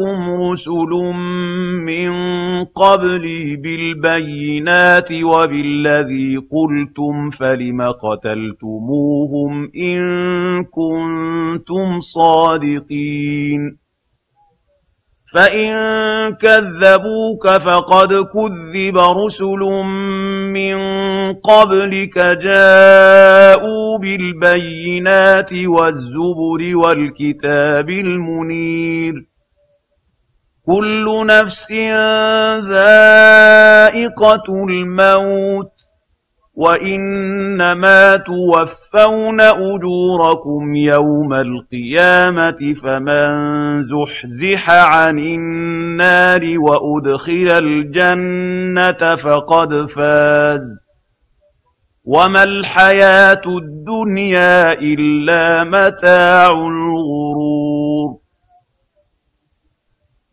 جاءتكم رسل من قبلي بالبينات وبالذي قلتم فلم قتلتموهم إن كنتم صادقين فإن كذبوك فقد كذب رسل من قبلك جاءوا بالبينات والزبر والكتاب المنير كل نفس ذائقة الموت وإنما توفون أجوركم يوم القيامة فمن زحزح عن النار وأدخل الجنة فقد فاز وما الحياة الدنيا إلا متاع الغرور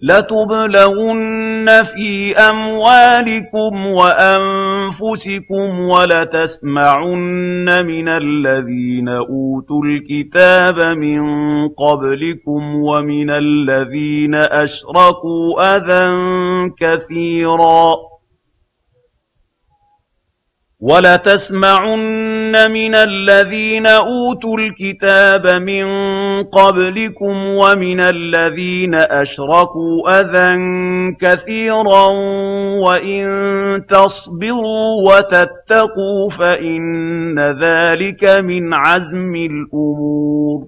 لتبلغن في أموالكم وأنفسكم ولتسمعن من الذين أوتوا الكتاب من قبلكم ومن الذين أشركوا أذى كثيراً وَلَتَسْمَعُنَّ مِنَ الَّذِينَ أُوتُوا الْكِتَابَ مِنْ قَبْلِكُمْ وَمِنَ الَّذِينَ أَشْرَكُوا أَذًى كَثِيرًا وَإِنْ تَصْبِرُوا وَتَتَّقُوا فَإِنَّ ذَلِكَ مِنْ عَزْمِ الْأُمُورِ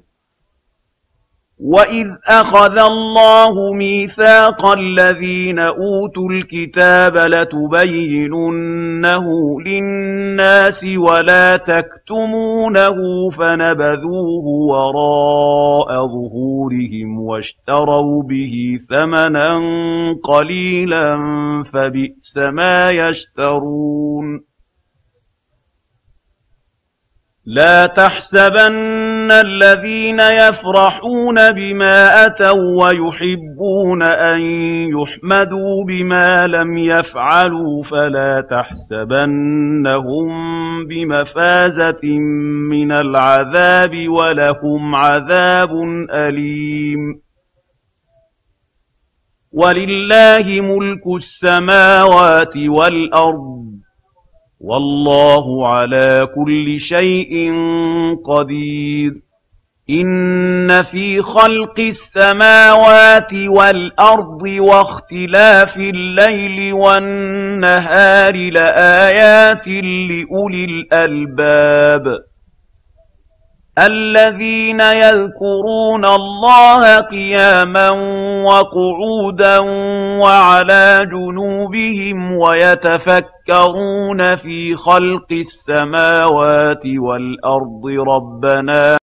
وَإِذْ أَخَذَ اللَّهُ مِيثَاقَ الَّذِينَ أُوتُوا الْكِتَابَ لَتُبَيِّنُنَّهُ لِلنَّاسِ وَلَا تَكْتُمُونَهُ فَنَبَذُوهُ وَرَاءَ ظُهُورِهِمْ وَاشْتَرَوْا بِهِ ثَمَنًا قَلِيلًا فَبِئْسَ مَا يَشْتَرُونَ لا تحسبن الذين يفرحون بما أتوا ويحبون أن يحمدوا بما لم يفعلوا فلا تحسبنهم بمفازة من العذاب ولهم عذاب أليم ولله ملك السماوات والأرض والله على كل شيء قدير إن في خلق السماوات والأرض واختلاف الليل والنهار لآيات لأولي الألباب الذين يذكرون الله قياما وقعودا وعلى جنوبهم ويتفكرون في خلق السماوات والأرض ربنا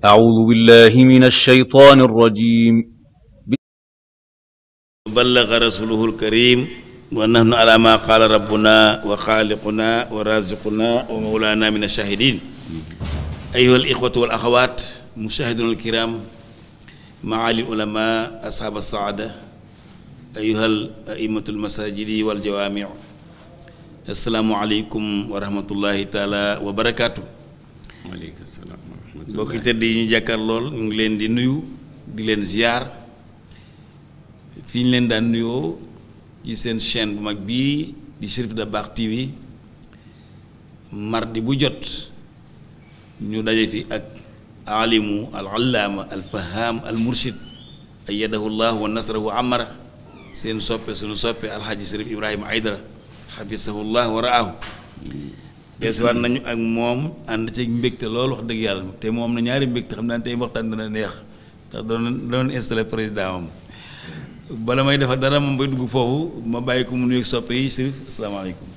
أعوذ بالله من الشيطان الرجيم بلغ رسوله الكريم ونحن على ما قال ربنا وخالقنا ورازقنا ومولانا من الشاهدين أيها الإخوة والأخوات مشاهدون الكرام معالي العلماء أصحاب السعادة أيها الأئمة المساجد والجوامع السلام عليكم ورحمة الله تعالى وبركاته mbokki tëdd yi ñu jàkkar lool ñu ngi leen di nuyu di leen ziar fi ñu leen daan nuyoo ci seen chaîne bu mag bii di de Dabakh TV mardi bu jot ñu daje fi ak alimu al allaama al faham al murshid ayyadahu llahu wa nasrahu amara seen soppe suñu soppe alxaaji Cherif Ibrahima Aydara xafisahu llah wa raahu desuwaat nañu ak moom ànd ci mbégte loolu wax dëgg yàlla te moom na ñaari mbégte xam naa ne tey waxtaan dana neex ndax doon doon président bala may defar dara moom ba dugg foofu ma bàyyi ko mu nuyu soppe yi Chérif asalaamaaleykum.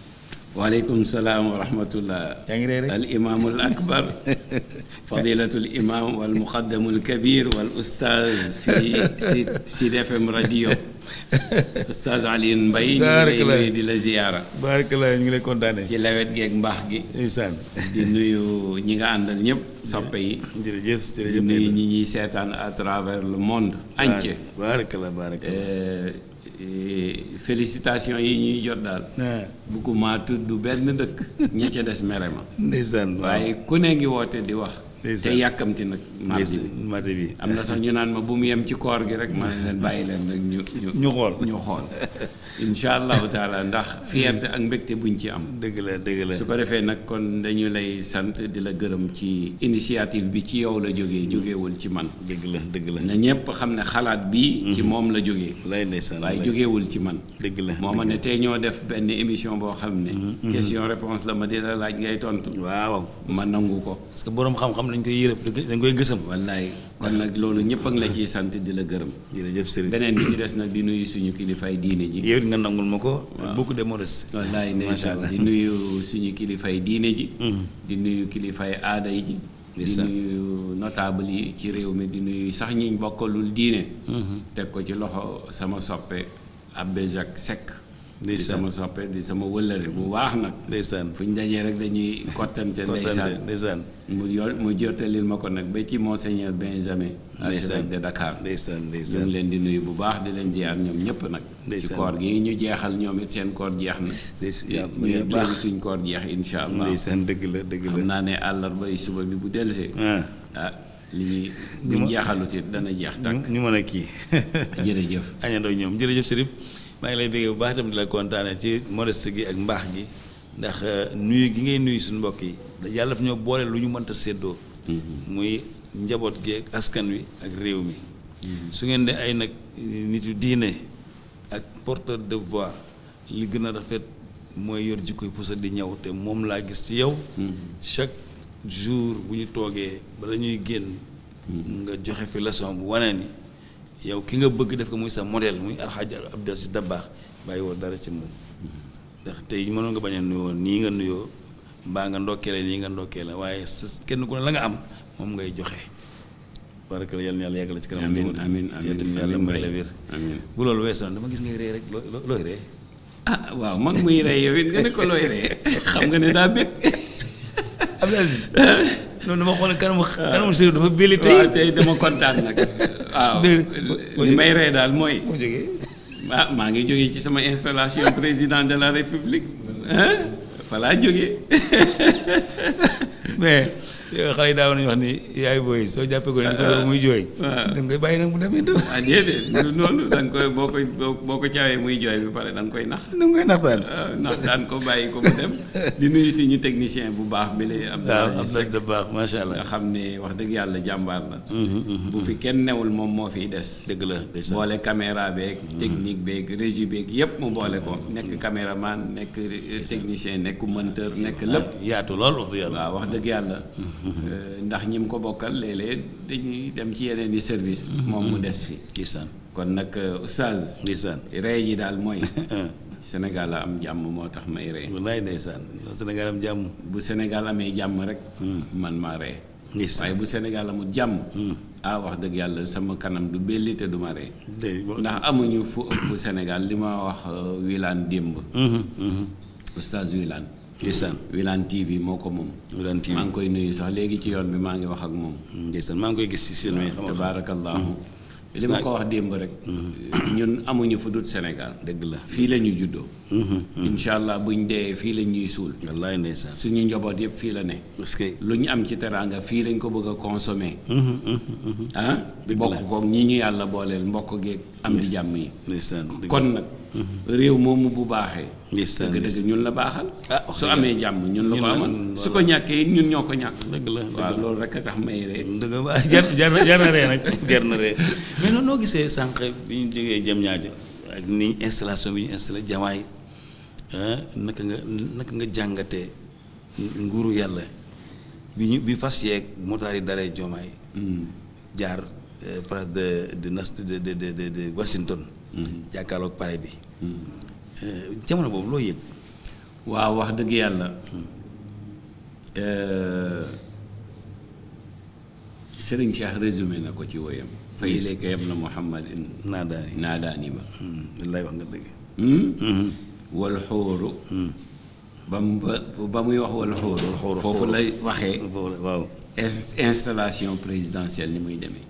waaleykum salaam wa rahmatullah. yaa ngi rey rek al imaamul akbar fadilatul imaam wal muqaddamul kabir wal ustaaz radio. Oustaz Alioune Mbaye ñu ngi di la ziyaara barakala ñu ngi lay kontaane ci lawet geeg mbaax gi ndeysaan di nuyu ñi nga àndal ñëpp soppe yi jërëjëf jërëjëf ñi ñuy seetaan à travers le monde entier barakala eh, eh, yi ñuy jot daal ah. bugguma tudd benn dëkk ña ca des mere ma waaye ku ne ngi woote di wax te yàkkamti nag mardi bi am na sax ñu naan ma bu mu yem ci koor gi rek ma leen bàyyi leen rek ñu ñu xool ñu xool incha allahu taala ndax fierté ak mbégte buñ ci am. dëgg la dëgg la su ko defee nag kon dañu lay sant di la gërëm ci initiative bi ci yow la jógee jógeewul ci man. dëgg la dëgg la na ñëpp xam ne xalaat bi ci mhm. moom la jógee. lay ndeysaan waaye jógeewul ci man. dëgg la moo ma ne tey ñoo def benn émission boo xam ne. Mhm, mhm. question réponse la ma di la laaj ngay tontu. waaw ma nangu ko. parce que borom xam-xam dañ koy yërëb dañ koy gësam. wallaay kon nag loolu ñëpp a ngi la ciy sant di la gërëm. jërëjëf Serigne beneen bi ci des nag di nuyu suñu kilifaay diine ji bëgg nga nangul ma ko. beaucoup de modestie. wallaay ndeysaan di nuyu suñu kilifay diine ji. Mm. di nuyu kilifay aada yi ji. di nuyu notable yi ci réew mi di nuyu sax ñiñ bokkalul diine. Mm-hmm. teg ko ci loxo sama soppe Abbé Jacques Seck. di sama soppe di sama wëllëre bu baax nag. ndeysaan fu ñu dajee rek dañuy kottante. ndeysaan ndeysaan mu yor mu jottalil ma ko nag ba ci monseigneur Benjamin. archevêque de Dakar. ndeysaan ndeysaan ñu ngi leen di nuyu bu baax di leen jiyaat ñoom ñëpp nag. ndeysaan ci koor gi ñu jeexal ñoom it seen koor jeex na. ndeysaan ñu baax suñ koor jeex incha allah. ndeysaan dëgg la dëgg la xam naa ne àllarba yi suba bi bu delsee. ah, ah li ñuy. ñu jeexalut it dana jeex tàkk. ñu mën a kii. jërëjëf. añandoo ñoom jërëjëf Serif maa ngi lay bëggee bu baax itam di la kontaane ci modeste gi ak mbaax gi ndax euh, nuyu gi ngay nuyu suñu mbokk yi yàlla daf ñoo boole lu ñu mënta séddoo mm-hmm. muy njaboot gi ak askan wi ak réew mi mm-hmm. su ngeen de ay nag nit yu diine ak porteur de voix li gën a rafet mooy yor jikkoy pusa di ñëw te moom laa gis ci yow mm-hmm. chaque jour bu ñu toogee bala ñuy génn nga joxe fi leçon bu wane ni yow ki nga bëgg def ko muy sa modèle muy alxaaji Abdou Aziz Dabakh bàyyi woo dara ci moom ndax tey mënoon nga bañ a nuyoo nii nga nuyoo mbaa nga ndokkee la nii nga ndokkee la waaye sa kenn ku ne la nga am moom ngay joxe barke yal na yàlla la ci kanam amiin yàlla may la wér bu loolu weesoo dama gis ngay ree rek looy ree ah waaw mag muy rey yow xam nga ne daa bëgg. Abdou xool kanamu ah. kanamu sëriñ dafa bëli tey dama kontaan nag. waaw li may rey daal mooy. moo jógee. maa ngi jógee ci sama installation président de la république. voilà jógee. mais. yow xale daaw nañu wax ni booy soo jàppee ko muy jooy. waaw ah. nga bàyyi nag mu dem it. ah déedéet noonu da nga boo ko caawee muy jooy bi pare da nga koy nax. da koy nax daal. Ah, nax daan ko bàyyi ko mu dem. di nuyu suñu bu baax bi lay. Abdoulaye Seck waaw Abdoulaye macha allah. xam ne wax dëgg yàlla jàmbaar la. Mm-hmm, mm-hmm. bu fi kenn newul moom moo fiy des. dëgg la des na boole caméra beeg. Mm-hmm. technique beeg régie beeg yëpp mu boole ko. nekk man nekk technicien nekk monteur nekk ah, lépp. yaatu lool wax yàlla wax dëgg yàlla Euh, ndax ñi ko bokkal lee léeg dañuy dem ci yeneen i service mm-hmm. moom mu des fi ndeysaan kon nag euh, oustaz ndeysaan ree ji daal mooy Sénégal am jàmm moo tax may ree wallaay ndeysaan Sénégal am jàmm bu Sénégal amee jàmm rek mm. man maa ree waaye bu Sénégal amul jàmm mm. ah wax dëgg yàlla sama kanam du belli te du ma ndax amuñu fu ëpp Sénégal li ma wax euh, wilaan démb mm-hmm, mm-hmm. oustaz wilaan ndeysaan Wilane TV moo ko moom. Wilane TV maa ngi koy nuyu sax léegi ci yoon bi maa ngi wax ak moom. ndeysaan maa ngi koy gis si seen wéy. tabaarakallaahu mm-hmm. li ma ko wax démb rek. Mm-hmm. ñun amuñu fu dut Sénégal. dëgg la fii la ñu juddoo. Mm-hmm. incha allah buñ dee fii la ñuy suul. wallaay ndeysaan suñu njaboot yëpp fii la ne. parce que lu ñu am ci teraanga fii lañ ko bëgg a consommer. ah bokk koog ñi ñu yàlla booleel mbokk geeg am di jàmm yi. kon nag réew moomu bu baaxee. dëgg-dëgg ñun la baaxal ah, su amee jàmm ñun la ko amal su ko ñàkkee ñun ñoo ko ñàkk dëgg la waaw loolu rek a tax may ree dëgg jar jar na ree mais noonu noo gisee sànq bi ñu jógee jëm ñaajo ak ni installation bi ñu installé jamaay ah, naka nga naka nga jàngatee nguuru yàlla bi ñu bi fas yeeg motaar yi daree jomaay hmm. jaar eh, place de de de de de Washington hmm. jàkkaarloog pare bi hmm. Eh, jamono boobu loo yëg. waaw wax dëgg yàlla eh, Serigne Cheikh résumé na ko ci woyam. fa ilayka ya ibna Muhammadin. naadaani naadaani hmm, wallaay wax nga dëgg. Hmm? Hmm. wal ba mu ba muy wax wal xóoru. foofu lay waxee. installation présidentielle ni muy demee.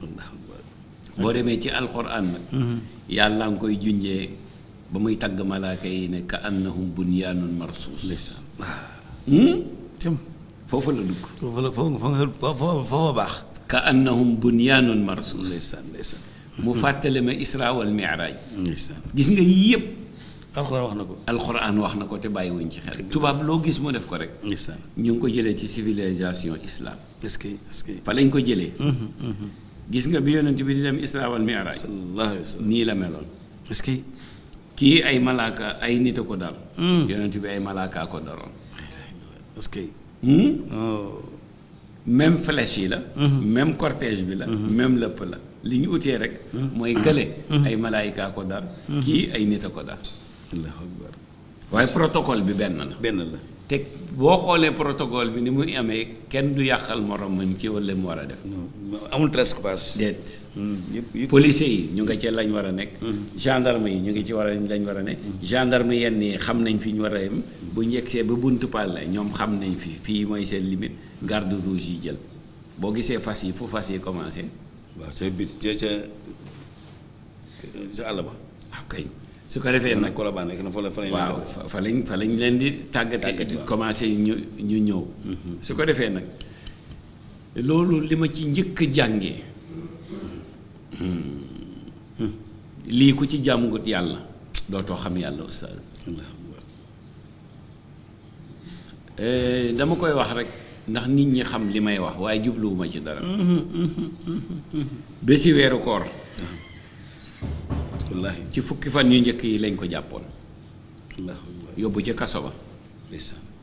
boo demee ci alquran yàlla nga koy junjee. ba muy tàgg malaaka yi ne ka annahum bunyaanun marsuus ndeysaan waaw hmm? foofa la dugg foofu la foofa foofa baax ka annahum bunyaanun mu fàttali ma isra wal gis nga yëpp alxuraan wax na ko alxuraan wax na ko te bàyyi wuñ ci xel tubaab loo gis mu def ko rek ndeysaan ñu ngi ko jëlee ci civilisation islam est-ce que fa lañ ko jëlee gis nga bi yonent bi di dem isra wal nii la meloon kii ay malaaka ay nit a ko dal hmm. yonent bi ay malaaka ko daloon parce que hmm? oh. même flèche yi la hmm. même cortège bi la même lëpp la li ñu utee rek mooy kële ay malaayika ko dal kii ay nit a ko dal waaye protocole bi benn la benn la te boo xoolee protocole bi ni muy amee kenn du yàqal morom muñ ci walla mu war a def. amul trespasse. déet. Hmm, policiers yi ñu nga ci lañ war a nekk. Hmm. gendarme yi ñu ngi ci war a lañ war a nekk. Hmm. gendarme yenn yi xam nañ fi ñu war a yem. bu ñu yegsee ba bunt pal ñoom xam nañ fi fii mooy seen limite garde rouge yi jël boo gisee fas yi fu fas yi commencé. waaw ca bit ca ca àll su ko defee nag Colobane rek na fa la waaw fa lañ fa lañ leen di tàggatee di commencé ñu ñu ñëw. Mhm. su ko defee nag loolu li ma ci njëkk a jàngee hmm, lii ko ci jàmgut yàlla dootoo xam yàlla eh, dama koy wax rek ndax nit ñi xam li may wax waaye jubluwuma ci dara. Mhm, mhm, bési weeru koor. ci fukki fan yu njëkk yi lañ ko jàppoon yóbbu ca kaso ba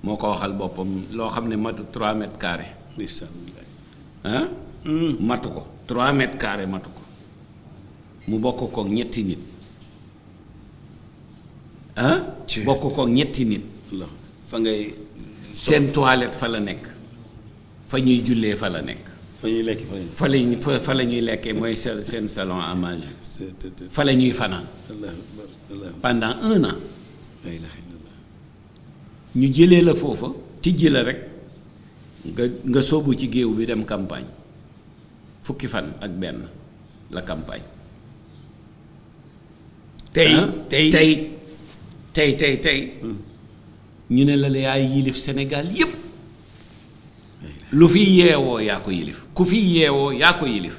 moo ko waxal boppam loo xam ne matu 3 mètres carrés ah hmm. matu ko 3 mètres carrés matu ko mu bokk kook ñetti nit ah bokk kook ñetti nit fa ngay seen toilette fa la nekk fa ñuy jullee fa la nekk fa ñuy lekk fa lañuy la ñuy lekkee mooy seen seen salon à manger. fa la ñuy fanaan. pendant un an. ñu jëlee la foofa tijji la rek nga nga sóobu ci géew bi dem campagne fukki fan ak benn la campagne. tey ah, tey tey tey tey tey. Hmm. ñu ne la la yaay yilif Sénégal yépp lu fi yeewoo yaa ko yilif ku fi yeewoo yaa ko yilif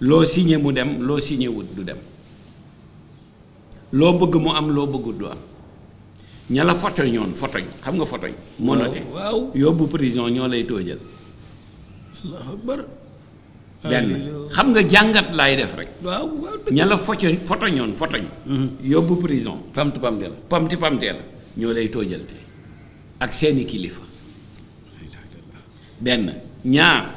loo signé mu dem loo signé wut du dem loo bëgg mu am loo bëggut du am ña la fotoñoon fotoñ xam nga fotoñ monote waaw yóbbu ñoo lay tóojal allahu xam nga jàngat lay def rek waaw ña la foto fotoñoon fotoñ mhm. yóbbu ñoo lay tóojal ak seeni kilifa benn ñaar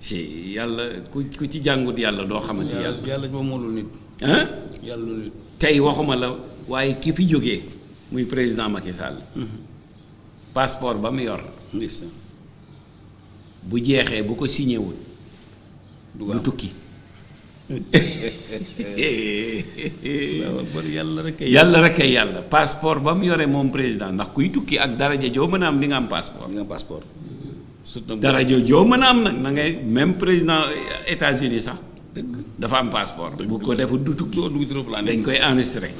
si yàlla ku ku ci jàngut yàlla doo xamante yàlla yàlla moom nit yàlla tey waxuma la waaye ki fi jóge muy président Macky Sall mhm. passeport ba mu yor bu jeexee bu ko signé wul du tukki yàlla rek ay yàlla rek ay yàlla passeport ba mu yore moom président ndax kuy tukki ak daraja joo mën a am di nga am passeport. di nga am passeport. dara joo joo mën a am nag na ngay même président États-Unis sax dafa am passeport bu ko defu du tukki dañ koy enregistré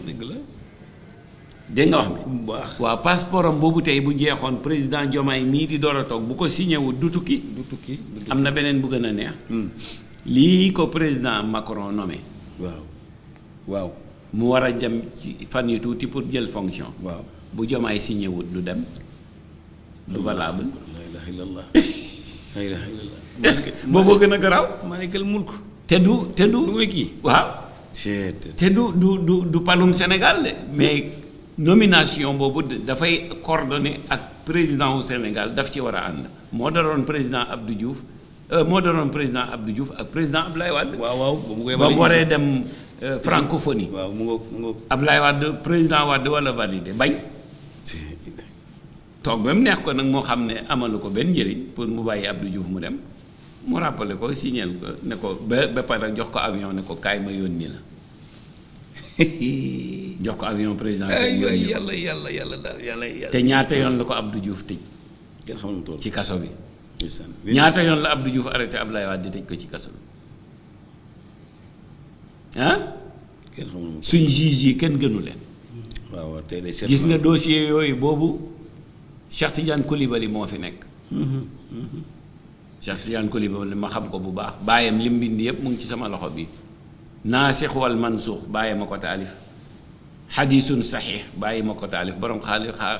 dégg nga wax mi waaw passeport boobu tey bu jeexoon président Diomaye mii di door a toog bu ko signé du tukki du tukki am na beneen bu na a neex hmm. lii ko président Macron nommé waaw mu war a jëm ci fan yu tuuti pour jël fonction waaw bu Diomaye signé wut du dem du valable ilaha illallah la est-ce que booboo gën a garaaw maalikal mulk te du te du mooy kii waaw te du du du palum Sénégal de mais nomination boobu de dafay coordonné ak président wu Sénégal daf ci war a ànd moo daloon président Abdou juuf euh, moo doonoon président Abdou Diouf ak président Abdoulaye Wade. waaw waaw ba mu waree dem euh, francophonie. waaw mu ngoog président Wade wala validé bañ. toog ba mu neex ko nag moo xam ne amalu ko benn njëriñ pour mu bàyyi Abdou Diouf mu dem mu rappelé ko signal ko ne ko ba ba pare jox ko avion ne ko kaay ma yónni la jox ko avion président yàlla yàlla yàlla yàlla te ñaata yoon la ko Abdou Diouf tëj kenn xamul tool ci kaso bi ñaata yoon la Abdou Diouf arrêté Abdoulaye Wade di tëj ko ci kaso bi suñ juge yi kenn gënu leen gis nga dossier yooyu boobu Cheikh Tidiane Coulibaly moo fi nekk. Cheikh Tidiane Coulibaly ma xam ko bu baax bàyyam li mu bind yëpp mu ngi ci sama loxo bi naasix wal mansuux bàyyi ma ko taalif xadiisun saxiix bàyyi ma ko taalif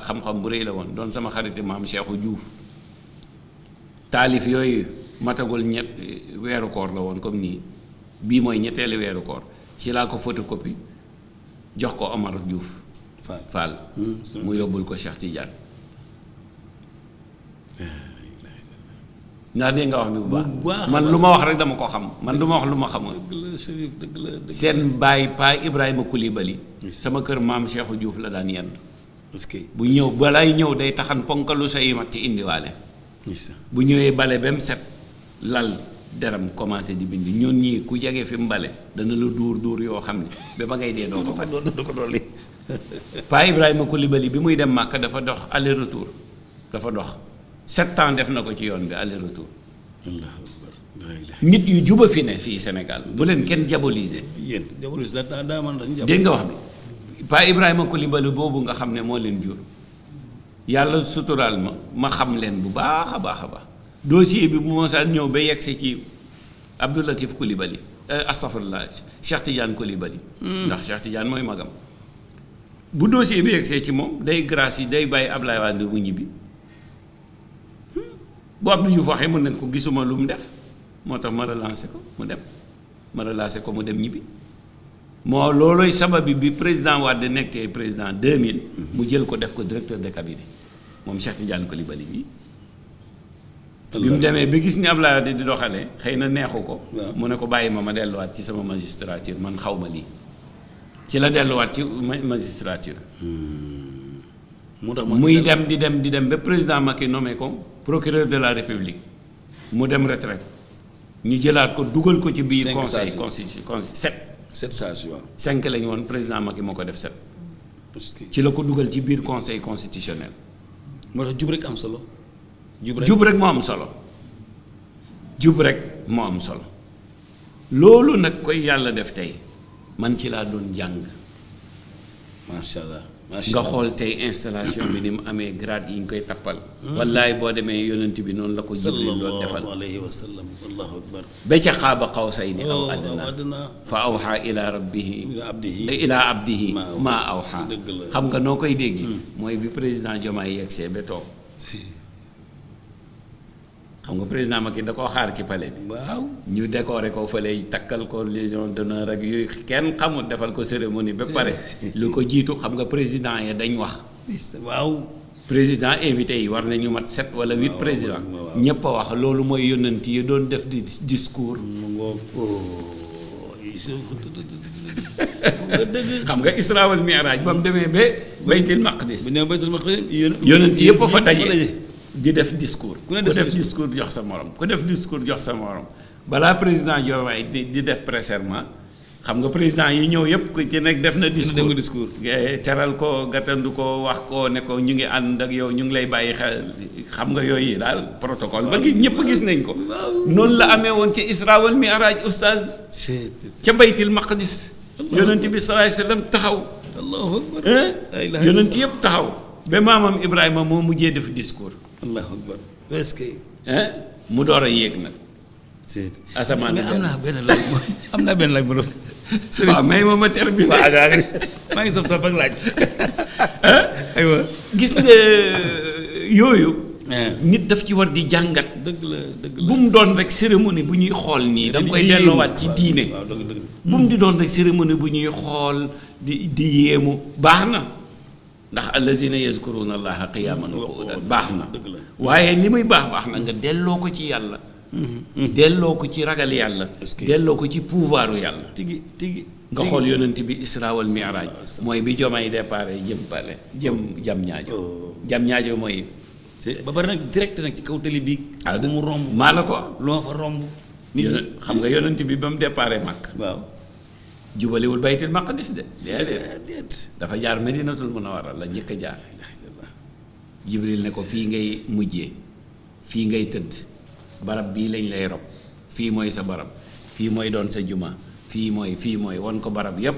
xam bu rëy la woon doon sama xariti maam Cheikhu Diouf taalif yooyu matagul ñett weeru koor la woon comme nii bii mooy ñetteelu weeru koor ci laa ko photocopie jox ko Omar Diouf. Fall hmm. mu yóbbul ko Cheikh Tidiane. ndax dégg nga wax bi bu baax man lu ma wax rek dama ko xam man du ma wax lu ma xamul. dëgg seen baay paa Ibrahima Coulibaly. sama kër maam Cheikhou juuf la daan yendu. parce que bu ñëw balaay ñëw day taxan ponkalu sa yi mat ci indiwaale. bu ñëwee bale ba mu set lal deram commencé di bind ñun ñii ku jege fi mu bale dana la duur duur yoo xam ne ba ba ngay dee doo ko doo ko dolli. paa Ibrahima Coulibaly bi muy dem Màkka dafa dox aller retour dafa dox. sept ans def na ko ci yoon bi aller retour. nit yu juba fi ne fii Sénégal bu leen kenn diaboliser. yéen diabolise la daa dégg nga wax bi Pa Ibrahima Coulibaly boobu nga xam ne moo leen jur yàlla suturaal ma ma xam leen bu baax a baax a baax dossier bi bu mosaan ñëw ba yegg si ci Abdou Latif Coulibaly eh, astafurlah Cheikh Tidiane Coulibaly hmm. ndax Cheikh mooy magam bu dossier bi yegg ci moom day grâce yi day bàyyi Ablaye Wade mu ñibbi bu Abdou Diouf waxee mën nañ ko gisuma lu mu def moo tax ma relancé ko mu dem ma relancé ko mu dem ñibbi moo loolooy sabab bi bi président Wade nekkee président mille mu jël ko def ko directeur de cabinet moom Cheikh Tidiane Coulibaly bi bi mu demee bi gis ni Abdoulaye Wade di doxale xëy na neexu ko. mu ne ko bàyyi ma ma delluwaat ci sama magistrature man xaw ma lii ci la delluwaat ci magistrature. mu hmm. muy dem di dem di dem ba président Macky nommé ko. procureur de la république mu dem retraite ñu jëlaat ko dugal ko ci biir conseil constitution conseil sept sept sages waaw cinq lañu woon président Macky moo ko def sept ci la ko dugal ci biir conseil constitutionnel moo tax jub rek am solo jub rek moo am solo jub rek moo am solo loolu nag koy yàlla def tey man ci laa doon jàng macha allah nga xool tey installation bi ni mu amee grade yi ñu koy tappal wallaay boo demee yonent bi noonu la ko jël loolu defal allahu akbar ba ca xaaba xawsay ni aw oh, adna fa awxa ila rabbihi ila aw maa awxa xam nga noo koy dégg hmm. mooy bi président Diomaye yegsee ba toog xam nga président yi da koo xaar ci pale bi. ñu ñu décorer ko fële takkal koo légion d'honneur ak yooyu kenn xamul defal ko cérémonie ba pare. lu ko jiitu xam nga président yi dañ wax. waaw. président invité yi war nañu mat sept wala huit président ñëpp a wax loolu mooy yónnant yi doon def di discours. xam nga Isra wal Mi'raj ba mu demee ba baytil maqdis. bu ñu demee baytil maqdis yónnant yëpp a fa daje. di def discours ku def discours jox sa morom ku def discours jox sa morom balaa président Diomaye di di def presserment xam nga président yi ñëw yëpp ku ci nekk def na discours discours teral ko gàttandu ko wax ko ne ko ñu ngi ànd ak yow ñu ngi lay bàyyi xel xam nga yooyu daal protocole ba gis ñëpp gis nañ ko noonu la amee woon ci Isra wal Mi'raj oustaz ca baytil maqdis yonent bi salaay sallam taxaw allahu akbar yonent yëpp taxaw ba maamam Ibrahima moo mujjee def discours allahu akbar est mu door a yéeg nag. asamaan na am naa benn laaj am naa benn laaj bu doon. may ma ma terminer maa ngi sof sof ak laaj. aywa gis nga euh, yooyu. nit daf ci war di jàngat. dëgg la dëgg bu mu doon rek cérémonie bu ñuy xool nii. da nga koy delloowaat ci diine. bu mu di doon rek cérémonie bu ñuy xool di di yéemu baax na. ndax allazina yazkuruna allaha qiyaman wa qu'udan baax na waaye li muy baax baax na nga delloo ko ci yàlla mm-hmm. delloo ko ci ragal yàlla delloo ko ci pouvoiru yàlla tigi tigi nga xool yonent bi isra wal mi'raj mooy bi jomay déparé jëm pale jëm jam ñaajo oh. jam ñaajo mooy ba bari nag direct nag ci kaw tali bi ah, ku mu romb maa la ko loo ma fa romb nit xam nga yonent bi ba mu déparé màkk jubalewul baytul maqdis de déedéet dafa jaar madinatul munawara la njëkk a jaar jibril ne ko fii ngay mujje fii ngay tëdd barab bii lañ lay rob fii mooy sa barab fii mooy doon sa juma fii mooy fii mooy wan ko barab yépp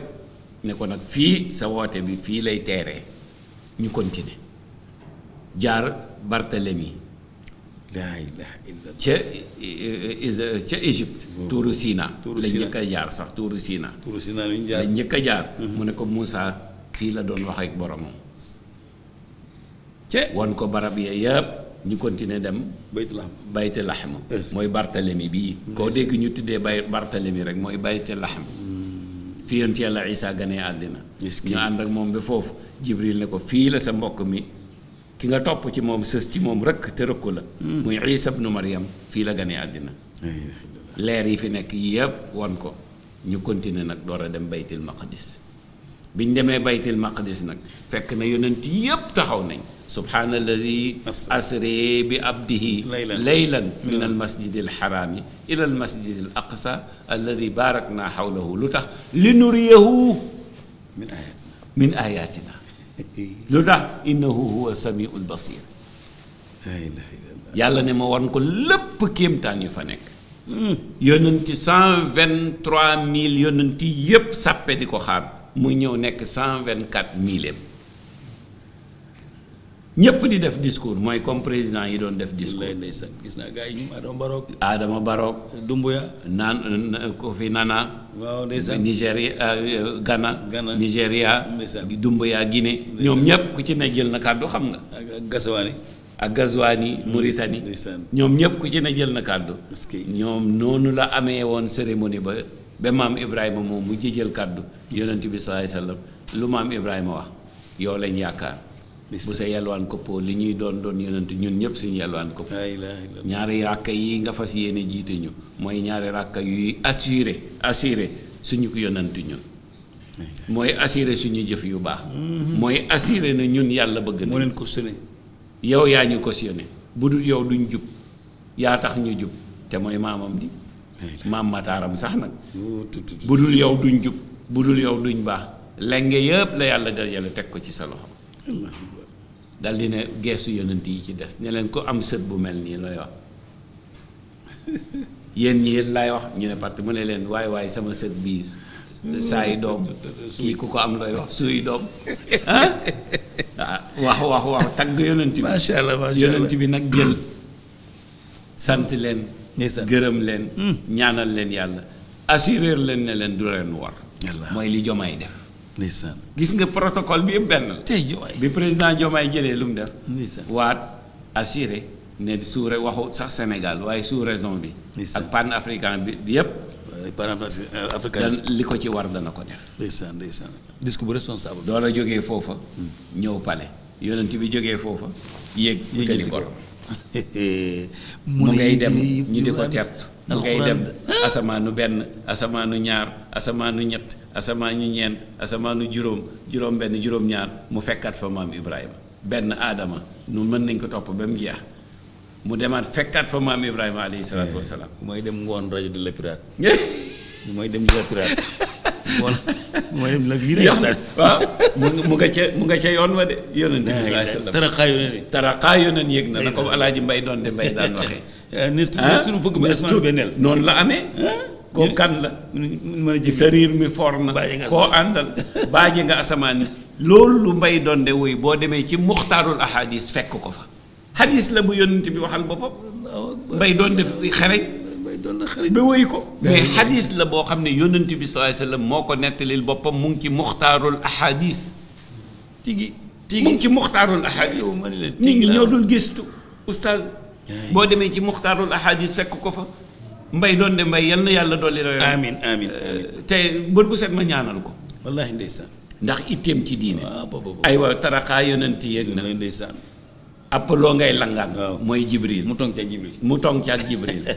ne ko nag fii sa woote bi fii lay teeree ñu continuer jaar Barthélemy laa ilaha illallah ca uh, ca Égypte. tuuru Sina. tuuru Sina lañ njëkk jaar sax tuuru Sina. tuuru Sina lañ jaar lañ a jaar. Mhm. mu ne ko Moussa fii la doon wax ak boromam. ce won ko barab ya yëpp ñu continuer dem. baytu laxma baytu laxma mooy Barthélemy bii. koo dégg ñu tuddee bay Barthélemy rek mooy baytu laxma. Mm. fi yonent yàlla Isaa gane àddina. ñu ànd ak moom ba foofu. Jibril ne ko fii la sa mbokk mi. ki nga topp ci moom sës ci moom rëkk te rëkku la hmm. muy Isa ibnu Maryam fii la gane àddina leer yi fi nekk yépp won ko ñu continuer nag door a dem baytil maqdis bi ñu demee baytil maqdis nag fekk na yonent yépp taxaw nañ subhaanalladi asri bi abdihi laylan min al masjid al xaraami ila al masjid al aqsa alladi barak naa xawlahu lu tax li nuriyahu min ayatina lu tax innahu huwa samiul basir yàlla ne ma wan ko lépp kéemtaan yu fa nekk yonenti cent vingt-trois mille yonenti yépp sàppe di ko xaar mu ñëw nekk cent vingt-quatre mille ñëpp di def discours mooy comme président yi doon def discours lay gis naa gars yi Adama Barrow Adama dumb Dumbuya naan Kofi Nana waaw euh, Ghana Ghana Nigéria Dumbuya Guinée ñoom ñëpp ku ci ne jël na kàddu xam nga ak Gazwani ak ñoom ñëpp ku ci na jël na kàddu ñoom noonu la amee woon cérémonie ba ba maam Ibrahima moom mu jël kàddu yonent bi salaay sallam lu maam Ibrahima wax la lañ yaakaar bu sa yalwaan koppoo li ñuy doon doon yonent ñun ñëpp suñu yalwaan koppoo ñaari ràkk yi nga fas yéene jiite ñu mooy ñaari ràkk yuy assuré assuré suñu ko yonent ñun mooy assuré suñu jëf yu baax mm-hmm. mooy assuré na ñun yàlla bëgg na moo leen cautionné yow yaa ñu cautionné bu dul yow duñ jub yaa tax ñu jub te mooy maamam di maam mataaram sax nag oh, bu dul yow duñ jub bu dul yow duñ baax lenge yëpp la yàlla dajale teg ko ci sa loxo dal di ne geesu yonent yi ci des ne leen ko am sët bu mel nii looy wax ñi ñii laay wax ñu ne parti mu ne leen waay waay sama sët bii saa yi doom kii ku ko am looy wax suuy doom ah? ah wax wax wax tagg yonent bi macha bi nag jël sant leen gërëm leen mm. ñaanal leen yàlla assurer leen ne leen du leen war mooy li jomaay def ndeysaan gis nga protocole bi yëpp benn la. tey Diomaye bi président jomaay jëlee lu mu def. ndeysaan waat assuré ne sous-région waxu sax Sénégal waaye sous raison bi. ak pan africain bi yëpp. pan li ko ci war dana ko def. ndeysaan ndeysaan discours bu responsable. doo la jógee foofa. ñëw pale yonent bi jógee foofa. yéeg këli mu ngay dem ñu di ko tertu. mu ngay dem asamaanu benn asamaanu ñaar asamaanu ñett. asamaanu ñeent asamaanu juróom juróom benn juróom ñaar mu fekkaat fa maam Ibrahima benn aadama nu mën nañ ko topp ba mu jeex mu demaat fekkaat fa maam Ibrahima alayhi salaatu wa eh, mooy dem ngoon rajo di la pirate. mooy dem di la pirate. mu nga ca mu nga ca yoon wa de. yonent bi eh, yëg na na ko Alaaji Mbay doon de Mbay daan waxee. Eh, ah ni su fëgg ba noonu la amee. koo kan la mën a jëf sa riir mi for na koo àndal baaje nga asamaan yi loolu lu mbay doon de wuy boo demee ci muxtaarul ahadis fekk ko fa hadis la bu yonent bi waxal boppam mbay doon def xereñ ba wéy ko mais hadis boo xam ne yonent bi sallallahu alayhi moo ko nettalil boppam mu ngi ci muxtaarul ahadis ci muxtaarul ahadis nit ñi ñoo dul gëstu boo demee ci muxtaarul ahadis fekk ko fa mbay doon de mbay yal na yàlla dolli rek. amiin amiin euh, amiin te bët bu set ma ñaanal ko. wallaahi ndeysaan. ndax itteem ci diine. Ah, aywa taraxaa yonent yeeg na. ndeysaan. app loo ngay langaan. waaw mooy Jibril. mu tong ca Jibril. mu tong ca ak Jibril.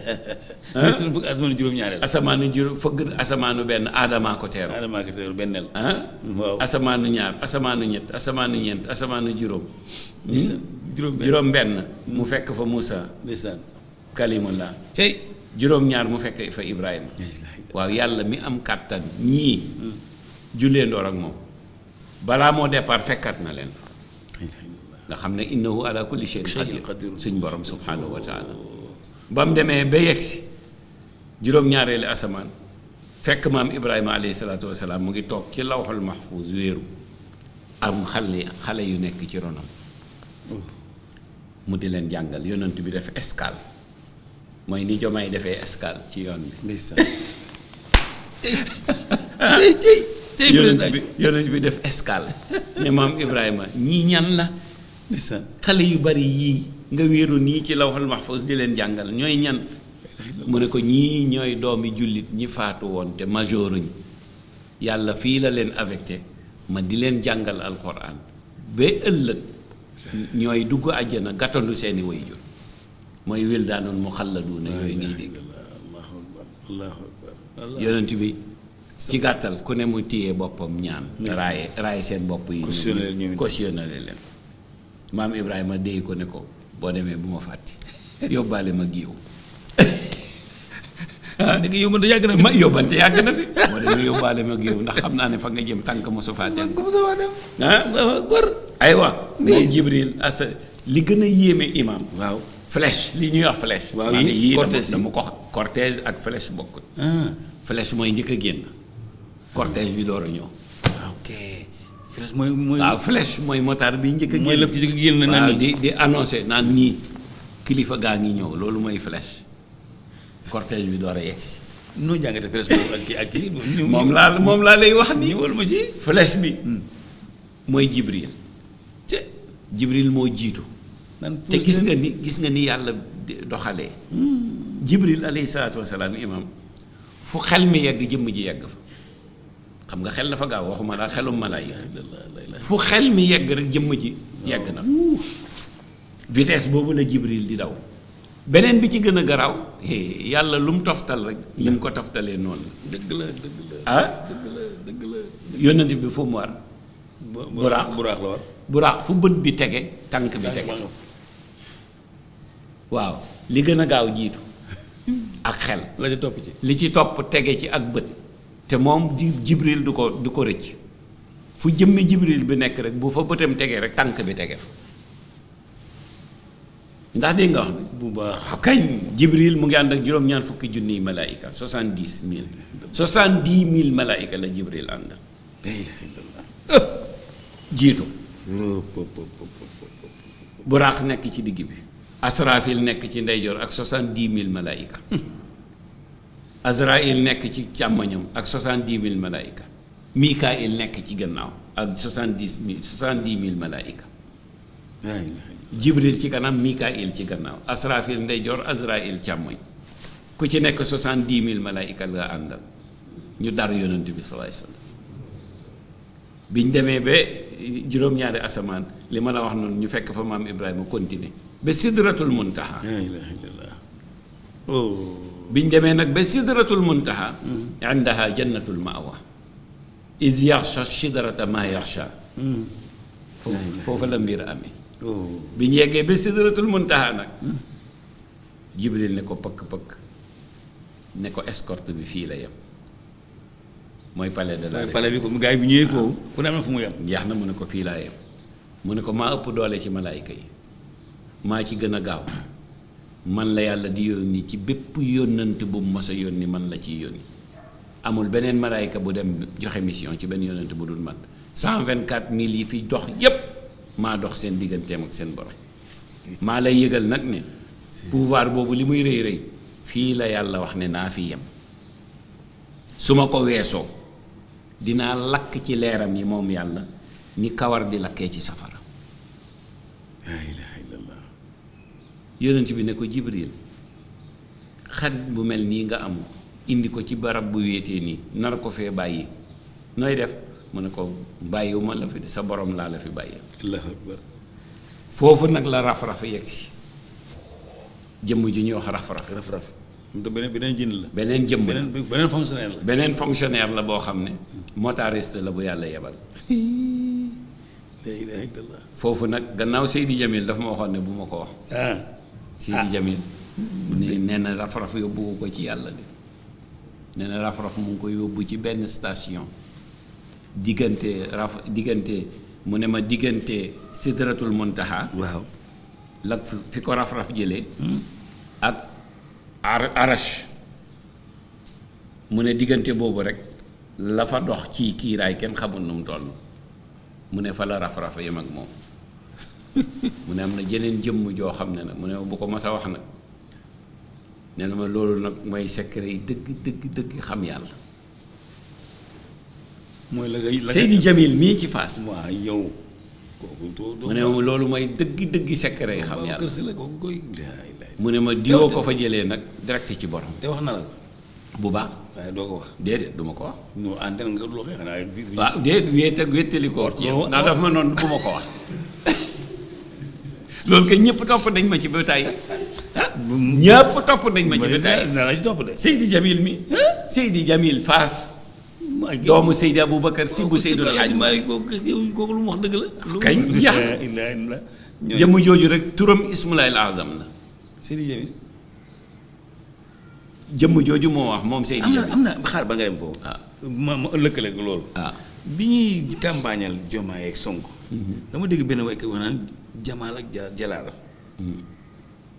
Ah? asamaanu juróom-ñaareel. asamaanu juróom fëgg asamaanu benn aadamaa ko teeru. aadamaa ko teeru benneel. Ah? waaw asamaanu ñaar asamaanu ñett asamaanu ñeent asamaanu juróom. Hmm? juróom-benn juróom-benn. mu fekk fa Moussa. ndeysaan. kalimullah. juróom-ñaar mu fekk fa Ibrahima waaw yàlla mi am kàttan ñii jullee ndoor ak moom balaa moo départ fekkat na leen fa nga xam ne innahu ala kulli shay'in qadir suñ borom subhanahu wa taala ba mu demee ba yegsi juróom-ñaareelu asamaan fekk maam Ibrahima aleyhi salaatu mu ngi toog ci lawxul mahfuus wéeru am xale yu nekk ci ronam mm. mu di leen jàngal yonent bi def escale mooy ni Diomaye defee escale ci yoon bi. ndeysaan bi def escale ne maam Ibrahima ñii ñan la. ndeysaan xale yu bari yii nga wéeru nii ci lawhul mahfuz di leen jàngal ñooy ñan. mu ne ko ñii ñooy doomi jullit ñi faatu woon te majooruñ yàlla fii la leen affecté ma di leen jàngal alxuraan ba ëllëg ñooy dugg àjjana gàttandu seeni waajur mooy wildaanul muxalladuuna yooyu ngay dégg yonent bi ci gàttal ku ne mu téye boppam ñaan raaye raaye seen bopp yi cautionné leen maam Ibrahima déy ko ne ko boo demee bu ma fàtte yóbbaale ma giiw yow man de ma yóbbante yàgg na fi moo demee yóbbaale ma géew ndax xam naa ne fa nga jëm tànk ma su faa dem ah aywa moom jibril asa li gën a yéeme imaam waaw flèche li ñuy wax flèche. waaw yii cortège dama ko xam cortège ak flèche bokkul. Ah. flèche mooy njëkk a génn. cortège bi a ñëw. Ah, ok mooy mooy. waaw bi njëkk a génn mooy lëf ji génn di di naan nii kilifa gaa ngi ñëw loolu mooy flèche cortège bi door a yegsi. noo jàngate flèche moom laa lay wax nii wala ma ci. flèche bi hmm. mooy Jibril. Jibril moo jiitu. te gis nga ni gis nga ni yàlla doxalee. Hmm. jibril alayhi salaatu wasalaam imam fu xel mi yegg jëmm ji yegg fa xam nga xel dafa gaaw waxuma laa xelum malaayika fu xel mi yegg rek jëmm ji yegg na vitesse boobu la jibril di daw beneen bi ci gën a garaaw eh, yàlla lu mu toftal rek li ko toftalee noonu dëgg la dëgg la ah dëgg la dëgg la yónnent bi fu mu war buraax buraax la war buraax fu bët bi tege tànk bi tege waaw li gën a gaaw jiitu ak xel la ci topp ci li ci topp tege ci ak bët te moom jibril du ko du ko rëcc fu jëmmi jibril bi nekk rek bu fa bëtam tegee rek tànk bi tege fa ndax dégg nga wax bi bu baax kañ jibril mu ngi ànd ak juróom-ñaar fukki junniy malaayika soixante-dix mille soixante-dix mille malaayika la jibril ànd jiitu buraaq nekk ci digg bi asrafil nekk ci ndeyjoor ak soixante-dix mille malaayika azrail nekk ci càmmoñam ak soixante-dix mille malaayika mikail nekk ci gannaaw ak soixante-dix mille soixante mille malaayika jibril ci kanam mikail ci gannaaw asrafil ndeyjoor azrail càmmoñ ku ci nekk soixante-dix mille malaayika la àndal ñu dar yonent bi sallallahu alayhi biñ demee ba juróom-ñaari asamaan li ma la wax noonu ñu fekk fa maam Ibrahima continuer ba sidratul muntaha oh. biñ demee nag ba sidratul muntaha mm-hmm. indaha jannatul maawa id mm-hmm. oh. yeggee ba sidratul muntaha nag mm-hmm. jibril ne ko pëkk ne ko escorte bi fii la yem mooy palais de la bi ko gars yi bu ñëwee foofu ku ne am na fu mu yem jeex na mu ne ko fii laa yem mu ne ko maa ëpp doole ci malaayka yi maa ci gën a gaaw man la yàlla di yónni ci bépp yónnante bu mu mos a yónni man la ciy yónni amul beneen malaayka bu dem joxe mission ci benn yónnante bu dul man 124000 yi fi dox yépp maa dox seen digganteem ak seen borom maa lay yëgal nag ne pouvoir boobu li muy rëy rey fii la yàlla wax ne naa fi yem su ma ko weesoo dinaa lakk ci leeram yi moom yàlla ni kawar di lakkee ci safara laa ilaha bi ne ko jibril xarit bu mel nii nga am indi ko ci barab bu wéetee nii nar ko fee bàyyi nooy def mu ne ko bàyyiwuma la fi de sa borom laa la fi bàyyee foofu nag la raf-raf yegg si ju ñuy raf-raf beneen beneen jën la. beneen jëmm la beneen fonctionnaire la. beneen fonctionnaire la boo xam ne motariste la bu yàlla yebal. foofu nag gannaaw Seydi Jamil dafa ma waxoon ne bu ma ko wax. ah, ah. Seydi Jamil. ni nee na raf-raf yóbbu ko ci yàlla de nee raf-raf mu ko yóbbu ci benn station diggante raf diggante mu ne ma diggante sidratul muntaha waaw la fi ko raf-raf jëlee. Hmm? ak. arash mu ne diggante boobu rek la fa dox ci kiiraay kenn xamul nu mu toll mu ne fa la raf-raf ak moom mu ne am na jeneen jëmm joo xam ne nag mu ne bu ko mas wax nag ne na ma loolu nag mooy secret yi dëgg dëgg dëgg xam yàlla mooy la ngay Seydi Jamil mii ci Faas waaw yow mu ne loolu mooy dëggi dëggi secret yi xam yàlla mu ne ma diwoo ko fa jëlee nag direct ci borom te wax na la bu baax waaye doo ko wax déedéet du ma ko wax ñu àndal nga daf ma noonu bu ma ko wax loolu kay ñëpp topp nañ ma ci ba tàyyi ah, ñëpp topp nañ ma ci ba tàyyi na la ci topp de Jamil mi ah? Seydi Jamil Faas doomu Seydi Aboubacar si bu Seydul Xaaj Maalik kooku lu mu wax dëgg la. kay jaaxle jooju rek turam ismulaayil azam la. Seydi Djamil. jooju moo wax moom Seydi am na xaar ba nga yem foofu. Ah. ma ma lëkkale ak loolu. Ah. bi ñuy campagnal Jomaay ak Sonko. Mhm. dama dégg benn waykat wax naan Jamaal ak Ja Jalaal. Mhm.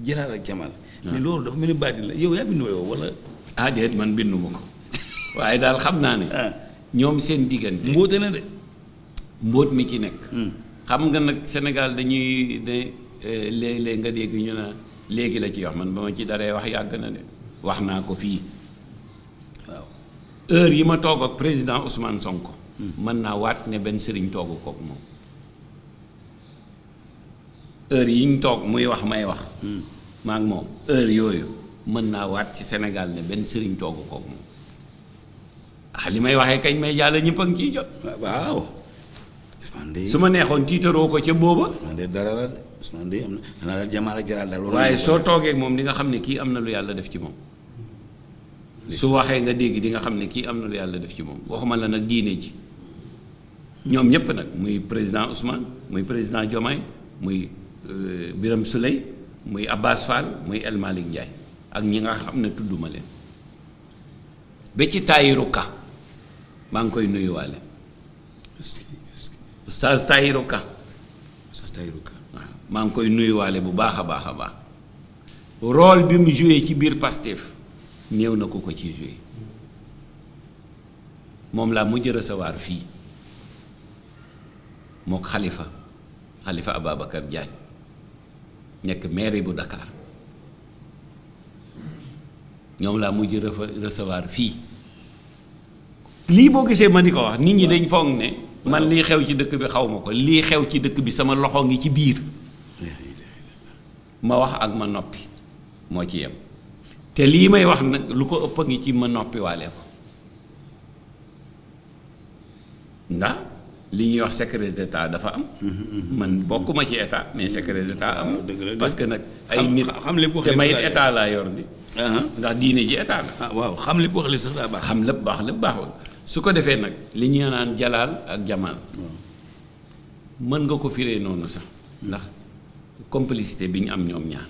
Jalaal ak Jamaal. Ah. mais loolu dafa mel ni baatin la yow yaa bind wayoo wala. ah déet man bindu ma ko. waaye daal xam naa ne. Ah. ñoom seen diggante. mbóote na de. mbóot mi ci nekk. Hmm. xam nga nag Sénégal dañuy ne eh, léeg-léeg nga dégg ñu na léegi la ci wax man ba ma ci daree wax yàgg na de wax naa ko fii waaw heure yi ma toog ak président Ousmane Sonko. Hmm. mën naa waat ne benn sëriñ toogu kooku moom. heure yi ñu toog muy wax may wax. Hmm. maa moom heure yooyu mën naa waat ci Sénégal ne benn sëriñ toogu kook moom. ah li may waxee kañ may jàll ñëpp a ciy jot. Ah, waaw. Ousmane su ma neexoon tiitaroo ko ca booba. Ousmane dara la de am na xanaa daal waaye soo toogee moom di nga xam ne kii am na lu yàlla def ci moom. su waxee nga dégg di nga xam ne kii am na lu yàlla def ci moom waxuma la nag diine ji ñoom ñëpp nag muy président Ousmane muy président Diomaye muy euh, biram Souley muy Abbas Fall muy El Malick Ndiaye ak ñi nga xam ne tudduma leen ba ci Ka. maa ngi koy nuyuwaale. est-ce que est-ce que. waaw maa ngi koy nuyuwaale bu baax a baax a baax rôle bi mu joué ci biir Pastef néew na ko ko ci joué moom laa mujj recevoir fii mook xalifa xalifa Ababacar Diagne nekk maire bu Dakar ñoom laa mujj recevoir fii. lii boo gisee ma di ko wax nit ñi dañ foog ne man lii xew ci dëkk bi xaw ma ko lii xew ci dëkk bi sama loxo ngi ci biir ma wax ak ma noppi moo ci yem te lii may wax nag lu ko ëpp a ngi ci ma noppi waale ko ndax li ñuy wax secret d'état dafa am. man bokkuma ci état mais secret d'état am. Ah, parce que nag ay nit xam lépp wax te may état laa yor di. Ah, ah. ndax diine ji état la. xam lépp wax li sax baax. xam lépp baax lépp baaxul. su ko defee nag li ñu naan jalaal ak jamaal mën nga ko firee noonu sax ndax complicité bi ñu am ñoom ñaar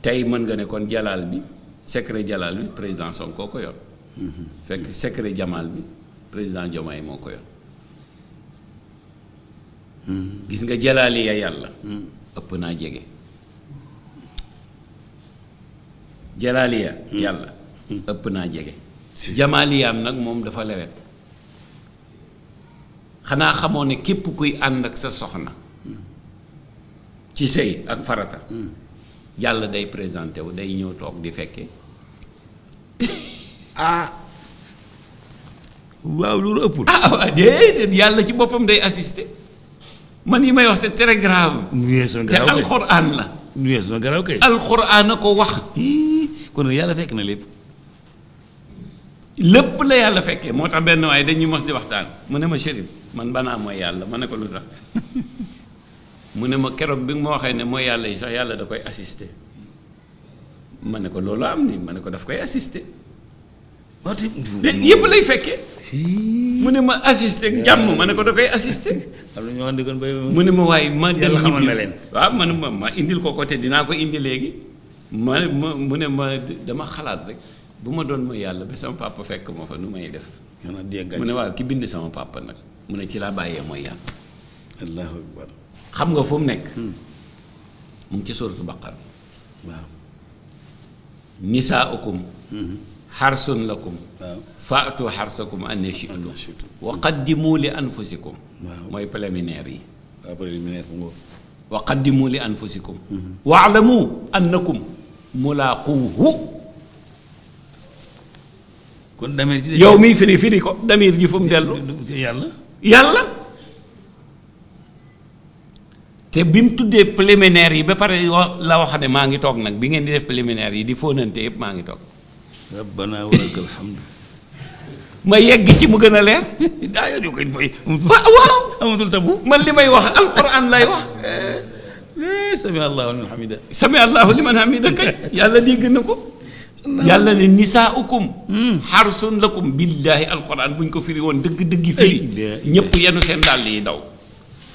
tey mën nga ne kon jalaal bi secret jalaal bi président koo ko yor fekk secret jamaal bi président Diomaye moo ko yor gis nga jalaali yàlla ëpp naa jege jalaali yàlla ëpp naa jege si jamaaliyaam nag moom dafa lewet xanaa xamoo ne képp kuy ànd ak sa soxna ci sëy ak farata yàlla day présenté wu day ñëw toog di fekkee ah waaw loolu ëpp ah waaw déedéet yàlla ci boppam day assisté man yi may wax c'est très grave te alxuraan la na garaaw kay alxuraan a ko wax kon yàlla fekk na lépp lépp la yàlla fekkee moo tax benn waaye dañuy mos di waxtaan mu ne ma shérif man banaa mooy yàlla ma ne ko lu tax mu ne ma keroog bi ma waxee ne mooy yàlla yi sax yàlla da koy assister ma ne ko loolu am ni ma ne ko daf koy assister yëpp lay fekkee mu ne ma assister jàmm ma ne ko da koy assister mu ne ma waaye ma del xamal na leen waaw man ma ma indil ko ko te dinaa ko indi léegi ma mu ne ma dama xalaat rek bu ma doon mooy yàlla ba sama papa fekk ma fa nu may def. mu ne waaw ki bind sama papa nag mu ne ci laa bàyyee mooy yàlla. allahu xam nga fu mu nekk. Hmm. mu ci suuratu baqara. waaw. nisaaukum. xarsun hmm. lakum. waaw faatu xarsakum annee shi'tum. wa qaddimu li anfusikum. waaw mooy préliminaire yi. waaw préliminaire bu wa qaddimu li anfusikum. Hmm. waalamu annakum mulaaquuhu kon damir yow miy firi firi ko damir ji fu mu dellu. yàlla yàlla. te bi mu tuddee préliminaire yi ba pare la wax ne maa ngi toog nag bi ngeen di def préliminaire yi di fóonante yëpp maa ngi toog. rabbana wa lakal ma yegg ci mu gën a leer. man li may wax alquran lay wax. Eh, sami allahu liman hamida sami allahu liman hamida kay yàlla di na ko. yàlla ne nisaa ukum hmm. xarsun lakum billaahi alquran bu ñu ko firi woon dëgg dëgg firi ñëpp yenu seen dàll yi daw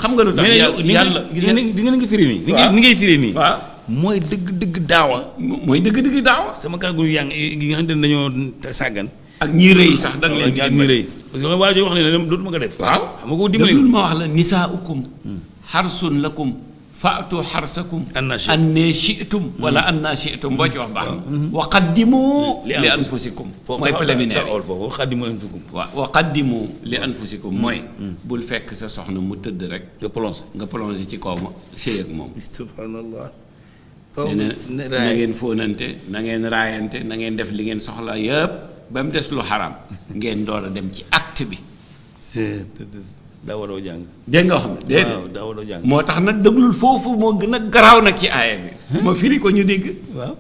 xam nga lu tax yàlla gis nga ni nga firi nii ni ngay firi nii waaw mooy dëgg dëgg daawa mooy dëgg dëgg daawa sama kàggu yaa ngi nga xam ne sàggan ak ñi rëy sax da nga leen ñi rëy parce que waa ji wax ne dootuma ko def ma ko dimbali ma wax la nisaa ukum hmm. xarsun lakum faatu xarsakum annee shitum wala annaa shitum boo ci wax baax na mm-hmm. Mm-hmm. wa qaddimu li anfusikum mooy mm-hmm. bul fekk sa soxna mu tëdd rek nga plongé nga plongé ci kaw ma sëy ak moom subhanallah na ngeen fóonante na ngeen raayante na def li ngeen soxlaa yëpp ba mu des lu xaraam ngeen door a dem ci acte bi dawaloo jàng. dégg nga xam moo tax nag déglul foofu moo gën a garaaw nag ci aaya bi. ma firi ko ñu dégg.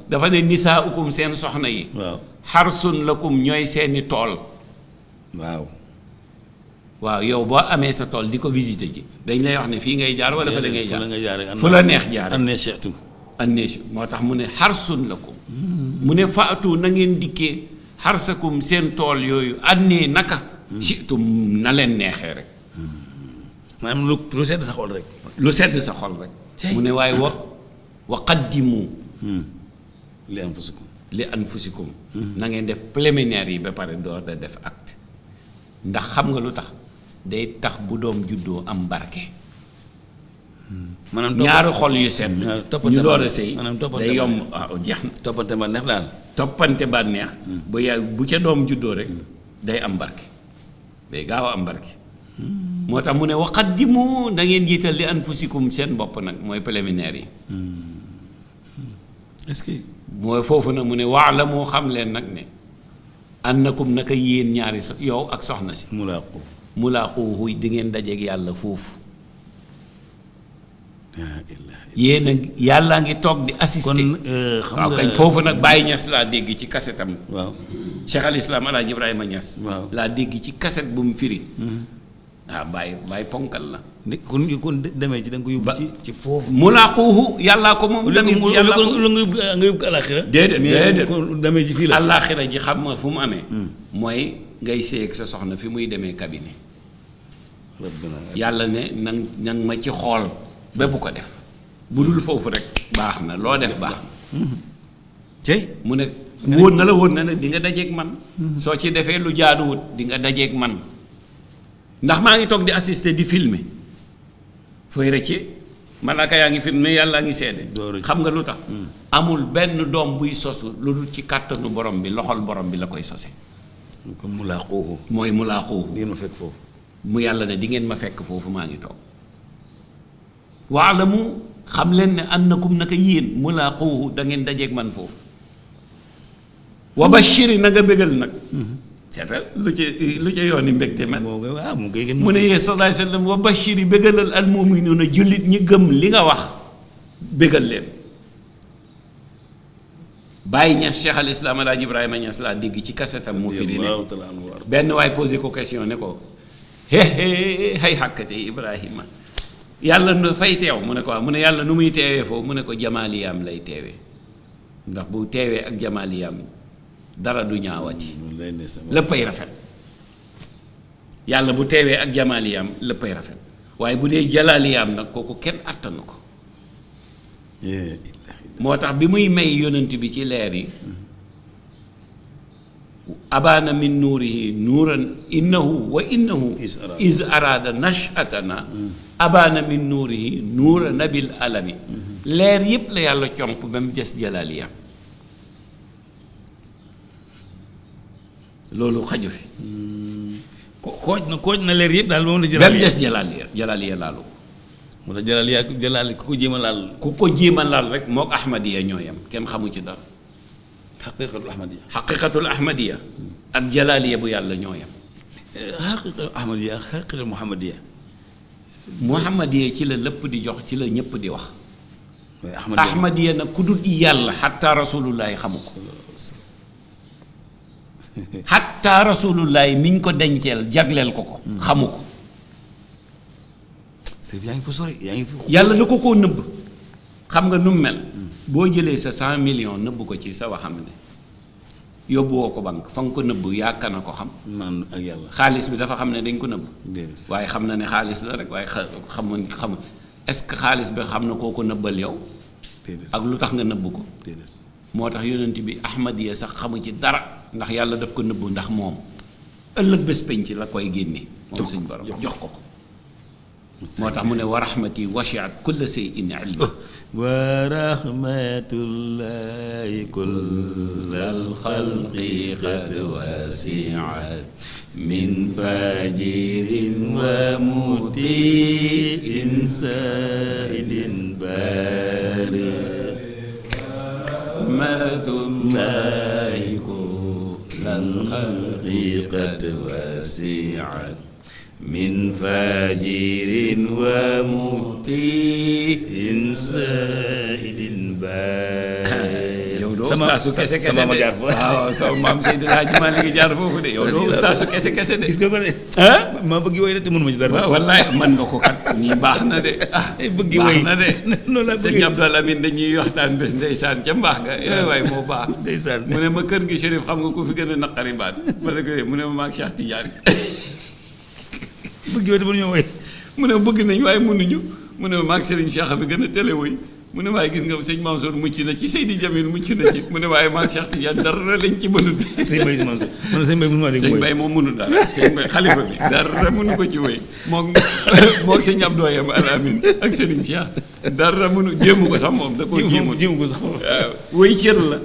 dafa ne nisaa ukum seen soxna yi. waaw xarsun lakum ñooy seeni tool. waaw. yow boo amee sa tool di ko visité ji dañ lay wax ne fii ngay jaar wala fa la ngay jaar fu la neex jaar an neextu moo tax mu ne xarsun lakum mu ne faatu na ngeen dikkee xarsakum seen tool yooyu annee naka. Hmm. situm na leen neexee rek. maanaam lu lu sedd sa xol rek lu sedd sa xol rek mu ne waaye wa waxat qaddimu hmm. li anfusikum li anfusikum hmm. na ngeen def plénière yi ba pare door da def acte ndax xam nga lu tax day tax bu doom juddoo am barke hmm. maanaam ñaari xol yu sedd ñu door a sëy day yomb jeex na toppante ba neex daal toppante ba neex bu yaay bu ca doom juddoo rek day am barke day gaaw am barke moo tax mu ne waqaddimu da ngeen jiital li anfusikum seen bopp nag mooy préliminaire yi. Hmm. que. mooy foofu nag mu ne waa waalamu xam leen nag ne na annakum naka yéen ñaari so yow ak soxna si. mulaaqu mulaaquhu di ngeen dajeeg yàlla foofu. yéen a yàllaa ngi toog di assister euh, waaw kañ foofu nag Baye ñas laa dégg ci kasetam. waaw Cheikh al Islam El Hadj laa dégg ci kaset bu mu firi. Hmm. waaw ah, bàyyi bàyyi ponkal la. ni kon kon demee ci da nga ko yóbbu. ci ci foofu. mulaaquuhu yàllaa ko moom. da ko yàllaa ko lu nga yóbbu alaxira. déedéet ji xam nga fu mu amee. Hmm. mooy ngay seeg sa soxna fi muy demee cabinet. yàlla ne nan nga ma ci xool bépp ko def. bu dul foofu rek baax na loo def baax na. tey hmm. mu ne. wóor na la woon na ne di nga man. Hmm. soo ci defee lu jaaduwut di nga dajeeg man. ndax maa ngi toog di assister di filmer fooy rëcce malaaka yaa ngi filmer yàlla ngi seede xam nga lu tax hmm. amul benn doom buy sosu lu dul ci kàttanu borom bi loxol borom bi la koy sose mu laa xuuxu mooy mu laa xuuxu ngeen ma mu yàlla ne di ngeen ma fekk foofu maa ngi toog mu xam leen ne annakum naka yéen mu laa xuuxu da ngeen dajeeg man foofu wa bashiri na nga bégal nag hmm. seetal lu ci lu ci yooni mbégte man mu ne yee sallallahu alayhi wa sallam wa bashiri bégalal al mu'minuuna jullit ñi gëm li nga wax bëgga leen bàyyi ñes cheikh al islam alaaj ibrahima ñes laa dégg ci kasetam mu fi di benn waay posé ko question ne ko hé hay xàkkate ibrahima yàlla na fay teew mu ne ko mu ne yàlla nu muy teewee foofu mu ne ko jamaaliyaam lay teewee ndax bu teewee ak jamaaliyaam dara du ñaawati léppay rafet yàlla bu teewee ak jamaaliyaam lëppay rafet waaye bu dee jalaaliyaam nag kooku kenn àttanu ko moo tax bi muy may yonent bi ci leer yi abaana min nuurihi nuuran innahu wa innahu is araada nashatana abaana min nuurihi nuura nabil alami mm-hmm. leer yépp la yàlla comp ba mu des jalaaliyaam loolu xaju fi. Hmm. kooj na kooj na leer yëpp daal moom la. jalaal benn des mu ne jalaal yaa ku ko jéem a laal. ku ko jéem laal rek moog ahmadiya ñoo yam kenn xamu ci dara. xaqiqatul ahmadiya. xaqiqatul ak jalaaliya bu yàlla ñoo yam. xaqiqatul eh, ahmadiya ak xaqiqatul muhammadiya. muhammadiya ci la lëpp di jox ci la ñëpp di wax. ahmadiya na ku yàlla xataa rasulullahi xamu ko. xatta rasulullahi mi ñu ko denceel jagleel ko ko hmm. xamu ko yàlla da ko koo nëbb xam nga nu mu mel hmm. boo jëlee sa cent million nëbb ko ci sa waxam ne yóbbuwoo ko banque fa nga ko nëbb yaaka na ko xam man ak yàlla xaalis bi dafa xam ne dañ ko nëbb waaye xam na ne xaalis la rek waaye xamuñ xam est-ce que xaalis bi xam na koo ko nëbbal yow ak lu tax nga nëbb ko moo tax yonent bi ahmad sax xamu ci dara ndax yàlla daf ko nëbb ndax moom ëllëg bés penc la koy génne moom suñ borom jox ko ko moo tax mu ne wa rahmati wasiat kulla shay'in ilma oh. wa rahmatullahi kullal xalqi qad wasiat min fajirin wa mutiin saidin bari rahmatullahi الخلق قد وسعت من فاجر ومطيء سائل بارئ ustaasu kese kese de sama jaar foofu waaw jaar foofu de yow doo ustaasu kese kese de gis nga ko de ah maa bëgg ko baax na de ah bëgg woy baax na de noonu la sëñ Abdou Lamine dañuy waxtaan bés ndeysaan ca mbaax nga yooyu waay moo baax ndeysaan mu ne ma kër gi Chérif xam nga ku fi gën a naqari baat ma ne ko mu ne ma maag Cheikh Tidiane bëgg woy te ne bëgg nañ waaye mënuñu mu ne ma maag Serigne Cheikh a fi gën a télé woy mu ne waaye gis nga sëñ Mansour mucc na ci Seydi Jamil mucc na ci mu ne waaye maam Cheikh Tidiane dara lañ ci mënut. sëñ Baye Mansour man sëñ Baye mënuma dégg mooy sëñ Baye moom mënut dara sëñ Baye xalifa bi ko ci wéy moom moom sëñ Al Amin ak Serigne Cheikh dara mënu jéemu ko sax moom da koo jéemu jéemu ko sax moom waaw la.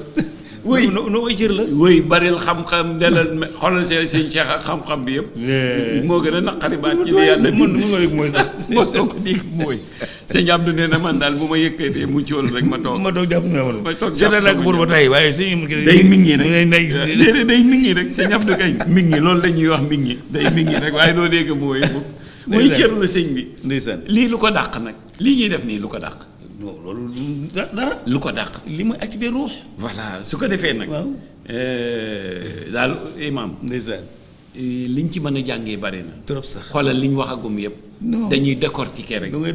oui nu koy cër la. oui baril xam-xam dalal xoolal seen seen ceex ak xam-xam bi yëpp. moo gën a naqari baat ci li yàlla mën mën rek moo soo ko dégg mooy. sëñ Abdou nee na man daal bu ma yëkkatee mu cóol rek ma toog. ma toog jàpp na ma ma toog jàpp na ma ak buur ba tey waaye suñu. day mingi rek day day mingi rek sëñ Abdou kay mingi loolu la ñuy wax mingi day mingi rek waaye doo dégg mooy. mooy cër la sëñ bi. ndeysaan lii lu ko dàq nag lii ñuy def nii lu ko dàq non loolu dara. lu ko dàq. li ma activé ruux. voilà su ko defee nag. waaw euh, daal imam. ndeysaan. liñ ci mën a jàngee bari na. trop sax xoolal liñ waxagum yëpp. non dañuy décortiquer rek. da ngay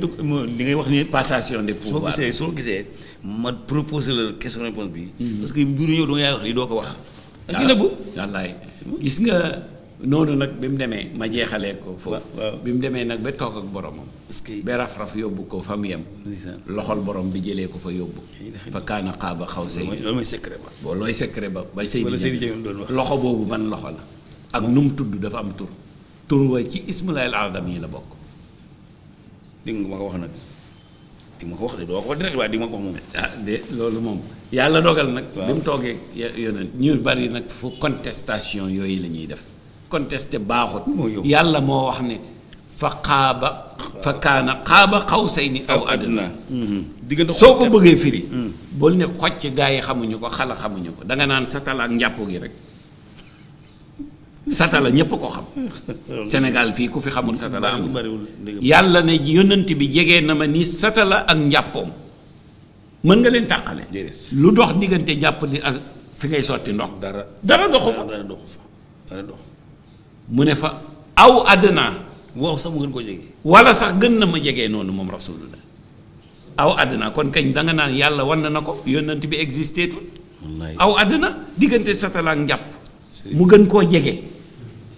li ngay wax ni passation de pouvoir soo gisee soo gisee ma proposé la question réponse bi. Mhm. parce que bu ñëw da nga wax lii doo ko wax. ak ah. yu nëbbu wallaay gis nga. noonu nag bi mu demee ma jeexalee ko foofu bi mu demee nag ba toog ak boromam ba raf-raf yóbbu ko fa mu yem loxol borom bi jëlee ko fa yóbbu fa kaana xaw say boo looy secret ba ba sëy loxo boobu ban loxo la ak nu mu tudd dafa am tur tur wa ci ismulaayil adam la bokk nga ma wax nag di ma ko wax de doo ko direct di ma ko ah, loolu moom yàlla dogal nag bi mu toogee nag fu yooyu la ñuy def contesté baaxut. yàlla moo wax ne fa xaaba fa kaana xaaba xaw say ni aw adna mm-hmm. diggante soo ko bëggee firi. Mm-hmm. bool ne xocc gaa yi xamuñu ko xala xamuñu ko danga naan satala njàppoo gi rek. satala ñépp ko xam Sénégal fii ku fi xamul satala amul yàlla ne yonent bi jege na ma ni satala ak njàppoom mën nga leen tàqale lu dox diggante jàpp li ak fi ngay sotti ndox dara doxu fa dara doxu fa mu ne fa aw àddina waaw sax mu gën koo jege wala sax gën na ma jege noonu moom rasulullah aw àddina kon kañ danga naan yàlla wan na ko yonent bi existé tul aw àddina diggante satalaak njàpp mu gën koo jege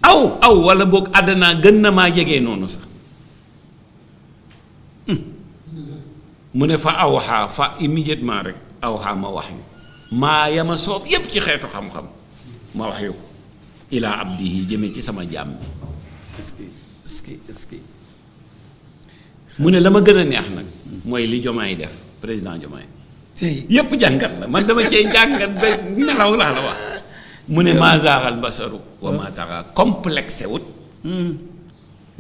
aw aw walla boog àddina gën na maa jege noonu sax hmm. mu ne fa aw xaa fa immédiatement rek aw xaa ma wax yu maa yama soob yépp ci xeetu xam-xam ma wax yu ilaa abdihi jëme ci sama jaam bi est mu ne la ma gën a neex nag mooy li Jomaay def président Jomaay yépp jàngat la man dama cee jàngat ba nelaw laa la wax mu ne maa zaaxal basaru wa maa taxa complexé wut hmm.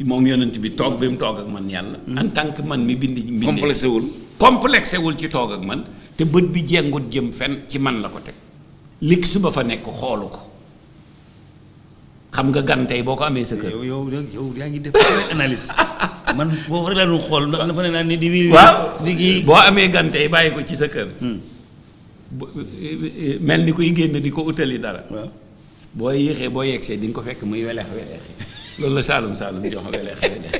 moom yonent bi toog bi mu toog ak man yàlla hmm. en tant man mi bind bind complexé wul complexé ci toog ak man te bët bi jengut jëm fen ci man la ko teg lig su ba fa nekk xoolu ko xam nga gan tey boo ko amee sa kër. yow yow yow yaa ngi def analyse man boo rek laa doon xool ndax dafa ne naa ni di. waaw di boo amee gan tey bàyyi ko ci sa kër. Hmm. mel ni kuy génn di ko utali dara. boo yéexee boo yegsee di nga ko fekk muy weleex weleex loolu la Saalum Saalum jox weleex weleex.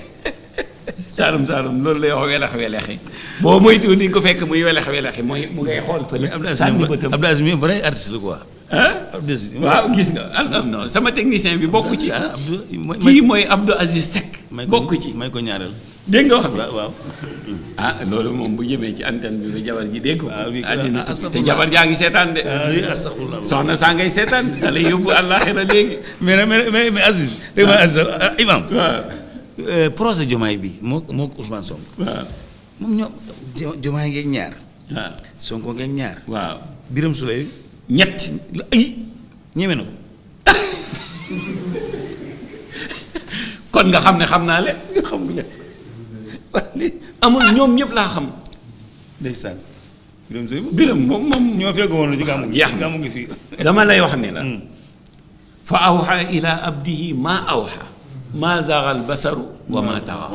saalum saalum loolu lay wax welex welexi boo moytuwul di nga ko fekk muy welex welexi mu ngay xool fële. sànni bëtam Abdou Aziz mi vrai artiste la quoi. Abdou Aziz waaw gis nga ah non sama technicien bi bokk ci. Ah, kii mooy Abdou Aziz Seck. bokk ci may ko ñaareel. dégg nga wax bi waaw ah, loolu moom bu jëmee ci antenne bi ba jabar ji dégg ko àddina ah, te jabar jaa ngi seetaan de soxna saa ngay seetaan da lay yóbbu àllaaxira léegi mais mais mais Aziz ma Aziz imam Euh, projet Diomaye bi moo moo ko Ousmane moom ñoom Diomaye ngeeg ñaar. waaw Sonko ngeeg ñaar. waaw Birame Souleye. ñett ay ñeme na ko. kon nga xam ne xam naa leen nga xam nga ñëpp laa xam. ndeysaan. Birame Souleye Birame moom moom. ñoo fekk woon fii. dama lay wax ne hmm. fa awxa ila abdihi ma awxa maa zaaxal basaru wa maa taxa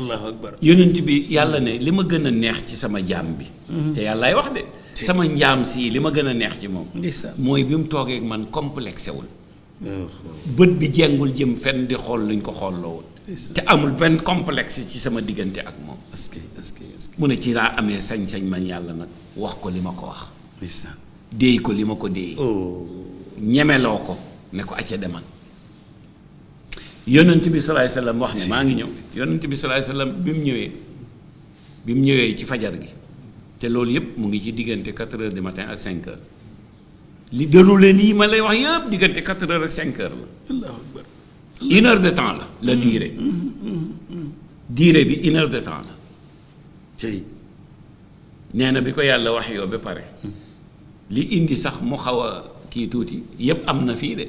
allahu akbar yonent bi yàlla ne li ma gën a neex ci sama jaam bi mhm. te yàllaay wax de sama njaam sii li ma gën a neex ci moom mooy bi mu toogee man complexé wul bët bi jengul jëm fenn di xool luñ ko xoolloowul te amul benn complexe ci sama diggante ak moom mu ne ci laa amee sañ-sañ man yàlla nag wax ko li ma ko wax déey ko li ma ko déey oh. ñemeloo ko ne ko acca demal yonent bi salaay sallam wax ne maa ngi ñëw yonent bi salaay sallam bi mu ñëwee bi mu ñëwee ci fajar gi te loolu yëpp mu ngi ci diggante 4 heures du matin ak 5 heures li déroulé nii ma lay wax yëpp diggante 4 heures ak 5 la. allahu akbar de temps la. la durée. Mm, mm, mm, durée bi une de temps la. tey na bi ko yàlla wax yoo ba pare. li indi sax mu xaw a kii tuuti yëpp am na fii de.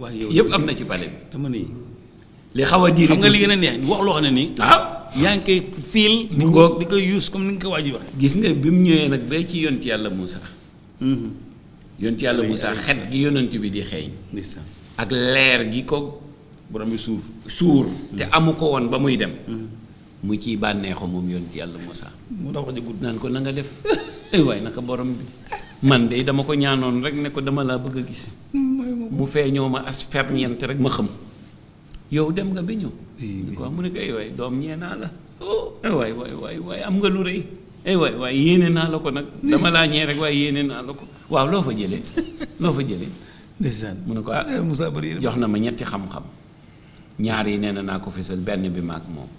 waaye yëpp am na ci pale bi. dama li xaw a diir xam nga li gën wax loo xam ne nii. waaw ah. yaa ngi koy fiil. ni ko koy use comme ni nga ko waaj wax gis nga bi mu ñëwee nag bay ci yonti yàlla Moussa. Mm-hmm. yonti yàlla Moussa xet gi yonent bi di xeeñ. ak leer gi ko borom bi suur. suur te mm-hmm. amu ko woon ba muy dem. Mm-hmm. mu ciy bànneexu moom yonti yàlla Moussa. mu dox di gudd naan ko na nga def ay waay naka borom bi. man de dama ko ñaanoon rek ne ko dama laa bëgg a gis. Mm, mu feeñoo ma as ferñeent rek ma xam. yow dem nga bi ñëw. di mu ne ko ay waay doom ñee naa la. Oh. ay waay waay waay waay am nga lu rëy. ay waay waay yéene naa la ko nag. dama laa ñee rek waaye yéene naa la ko. waaw loo fa jëlee loo fa jëlee. ndeysaan mu ne ko ah eh, Moussa Bari jox na ma ñetti xam-xam. ñaar yi nee na naa ko fésal benn bi maag moom.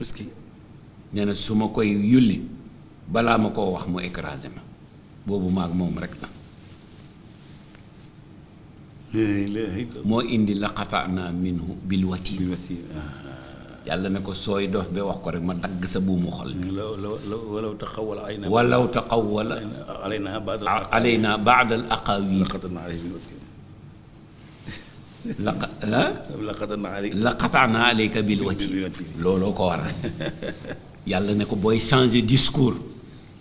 parce que nee na su ma koy yulli balaa ma koo wax mu écrasé ma boobu maag moom rek moo indi la xataanaa minhu bil watiin ah. yàlla ne ko sooy dox ba wax ko rek ma dagg sa buumu xol bi. walaw taqawwala alaynaa. walaw taqawwala. alaynaa baadal aqaawiil. laqatanaa alayka bil watiin looloo ko waral yàlla ne ko booy changer discours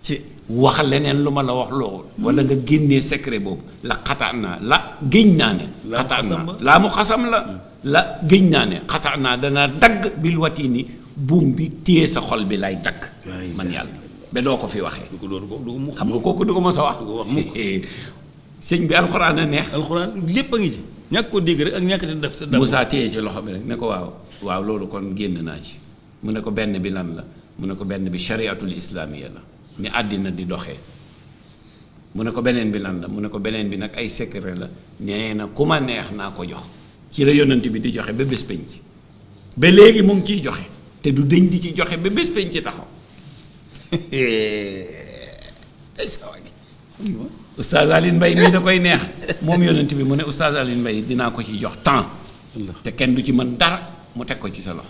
ci. wax leneen lu ma la wax loolu wala nga génnee secret boobu la xataa naa la géñ naa ne xataa naa laa mu xasam la la géñ naa ne xataa naa danaa dagg bil wati ni buum bi téye sa xol bi lay dagg man yàlla ba doo ko fi waxee xam nga kooku du ko ma sa wax sëñ bi alxuraan a neex alxuraan lépp a ngi ci ñàkk ko dégg rek ak ñàkk te def te Moussa téye ci loxo bi rek ne ko waaw waaw loolu kon génn naa ci mu ne ko benn bi lan la mu ne ko benn bi chariatul islaamiya la ni àddina di doxee mu ne ko beneen bi lan la mu ne ko beneen bi nag ay secret la nee na ku ma neex naa ko jox ci la yonent bi di joxe ba bés penc léegi mu ngi ciy joxe te du dëñ di ci joxe ba bés penc taxaw Oustaz Alioune Mbaye mii da koy neex moom yonent bi mu ne Oustaz Alioune dinaa ko ci jox temps te kenn du ci mën dara mu teg ko ci sa loxo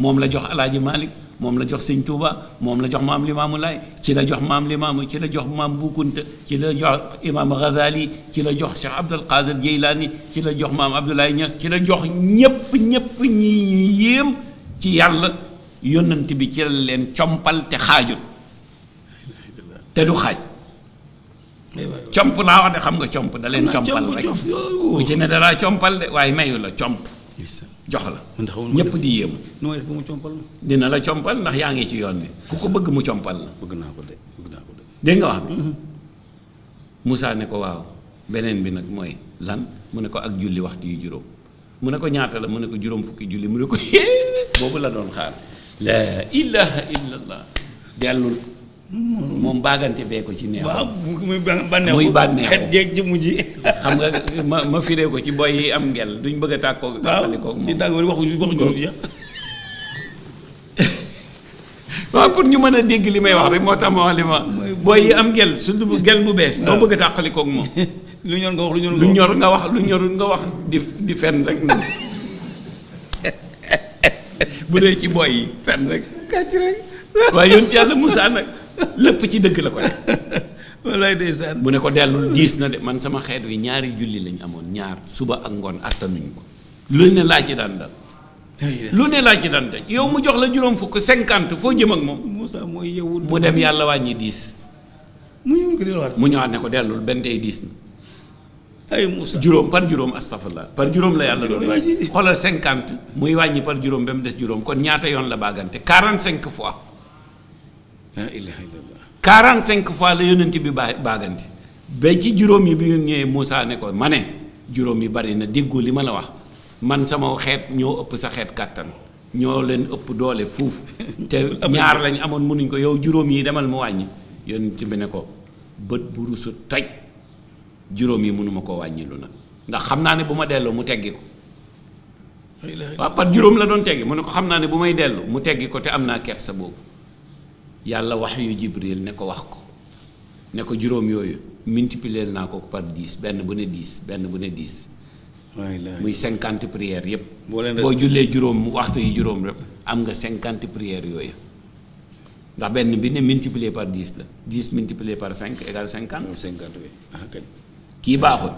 moom la jox Alaaji Malick moom la jox sëñ Touba moom la jox maam Limaamu Laay ci la jox maam Limaamu ci la jox maam Bukunta ci la jox imaam Ghazali ci la jox Cheikh Abdul Qadir Jeylaani ci la jox maam Abdoulaye Niass ci la jox ñépp ñépp ñi ñu yéem ci yàlla yónnant bi ci la leen compal te xaajut te du xaaj comp laa wax de xam nga comp da leen compal rek bu ci ne dalaa compal de waaye mayu comp jox la. ñëpp di yéem nu may def mu compal ma. dina la compal ndax yaa ngi ci yoon bi ku ko bëgg mu compal la. bëgg naa ko de dégg nga wax bi. Mhm. ne ko waaw beneen bi nag mooy lan mu ne ko ak julli waxtu yu juróom mu ne ko ñaata la mu ne ko juróom fukki julli mu ne ko boobu la doon xaar. la ilaha illallah dellul. moom baagante bee ko ci neex. waaw muy bànneexu muy bànneexu xet jeeg jëmm ji. xam nga ma ma firee ko ci boy yi am ngel duñ bëgg a tàkkoo. tàkkalikoo moom waaw di tàggoo waxuñu waxuñu waaw pour ñu mën a dégg li may wax rek moo tax ma wax li ma. boy yi am ngel surtout ngel bu bees. doo bëgg a tàkkalikoog moom. lu ñor nga wax lu ñor nga wax lu ñorul nga wax di di fenn rek nag bu dee ci boy yi fenn rek. kàcc rek waaye yoon ci yàlla Moussa nag. lépp ci dëgg la ko def. wallaay ndeysaan bu ne ko dellul diis na de man sama xeet wi ñaari julli lañ amoon ñaar suba ak ngoon attanuñ ko lu ne laa ci daan dal. lu ne laa ci daan daj yow mu jox la juróom fukk cinquante foo jëm ak moom. mooy yow. mu dem yàlla wàññi diis. mu ñëwaat mu ñëwaat ne ko dellul benn tey diis na. ay juróom par juróom astafurlah par juróom la yàlla doon wàññi. xoolal cinquante muy wàññi par juróom ba mu des juróom kon ñaata yoon la bàggante quarante cinq fois. la ilaha illallah 45 fois la ti bi baa baagante ba ci juróom yi bi ñu ñëwee Moussa ne ko ma ne juróom yi bari na déggoo li ma la wax man sama xeet ñoo ëpp sa xeet kàttan ñoo leen ëpp doole fuuf te ñaar lañ amoon mënuñ ko yow juróom yi demal mu wàññi yonent bi ne ko bët bu rusu toj juróom yi mënuma ko wàññilu nag ndax xam naa ne bu ma delloo mu teggi ko waaw par juróom la doon teggi mu ne ko xam naa ne bu may dellu mu teggi ko te am naa kersa boobu yàlla wax yu jibril ne ko wax ko ne ko juróom yooyu multiplier naa ko par dix benn bu ne dix benn bu ne dix muy cinquante prières yépp boo jullee juróom waxtu yi juróom rek am nga cinquante prière yooyu ndax benn bi ne multiplier par dix la dix multiplier par cinq égale cinquante cinquante kii baaxul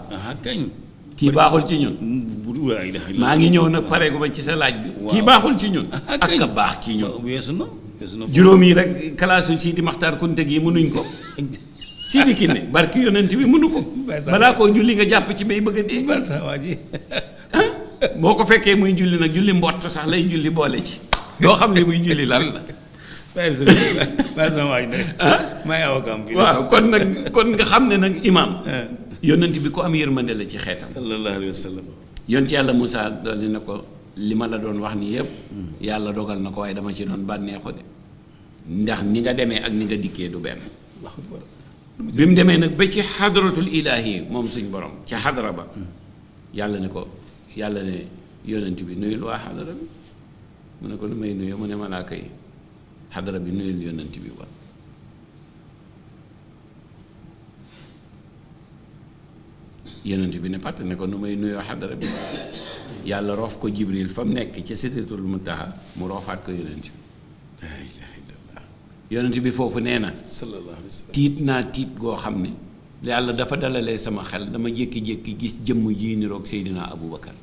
kii baaxul ci ñun mm, maa ngi ñëw nag pareegu ma ci sa laaj bi kii baaxul ci ñun ak a baax ci ñun juróom yi rek kalaasu Sidi Maxtaar Kunte gi mënuñ ko Sidi Kine barki yonent bi mënu ko balaa koo julli nga jàpp ci bay bëgg a dee waa ah? boo ko fekkee muy julli nag julli mbott sax lay julli boole ci doo xam ne muy julli lan la ah? waaw kon nag kon nga xam ne nag imaam ah. yonent bi ko am yërmande la ci xeet sallallahu alayhi wa sallam yonent yàlla Moussa na ko li ma la doon wax ni yépp yàlla dogal na ko waaye dama ci doon bànneexu de ndax ni nga demee ak ni nga dikkee du benn bi mu demee nag ba ci xadratul ilaahi moom suñ borom ca xadra ba yàlla ne ko yàlla ne yonent bi nuyul waa xadra bi mu ne ko nu may nuyoo mu ne malaaka yi bi nuyul yonent bi wa yonent bi ne pàtt ko nu may nuyoo xadra bi yàlla roof ko jibril fa mu nekk ca sidratul muntaha mu roofaat ko yonent bi bi foofu nee na tiit naa tiit goo xam ne yàlla dafa dalalee sama xel dama jékki-jékki gis jëmm ji niroog Seydina Aboubacar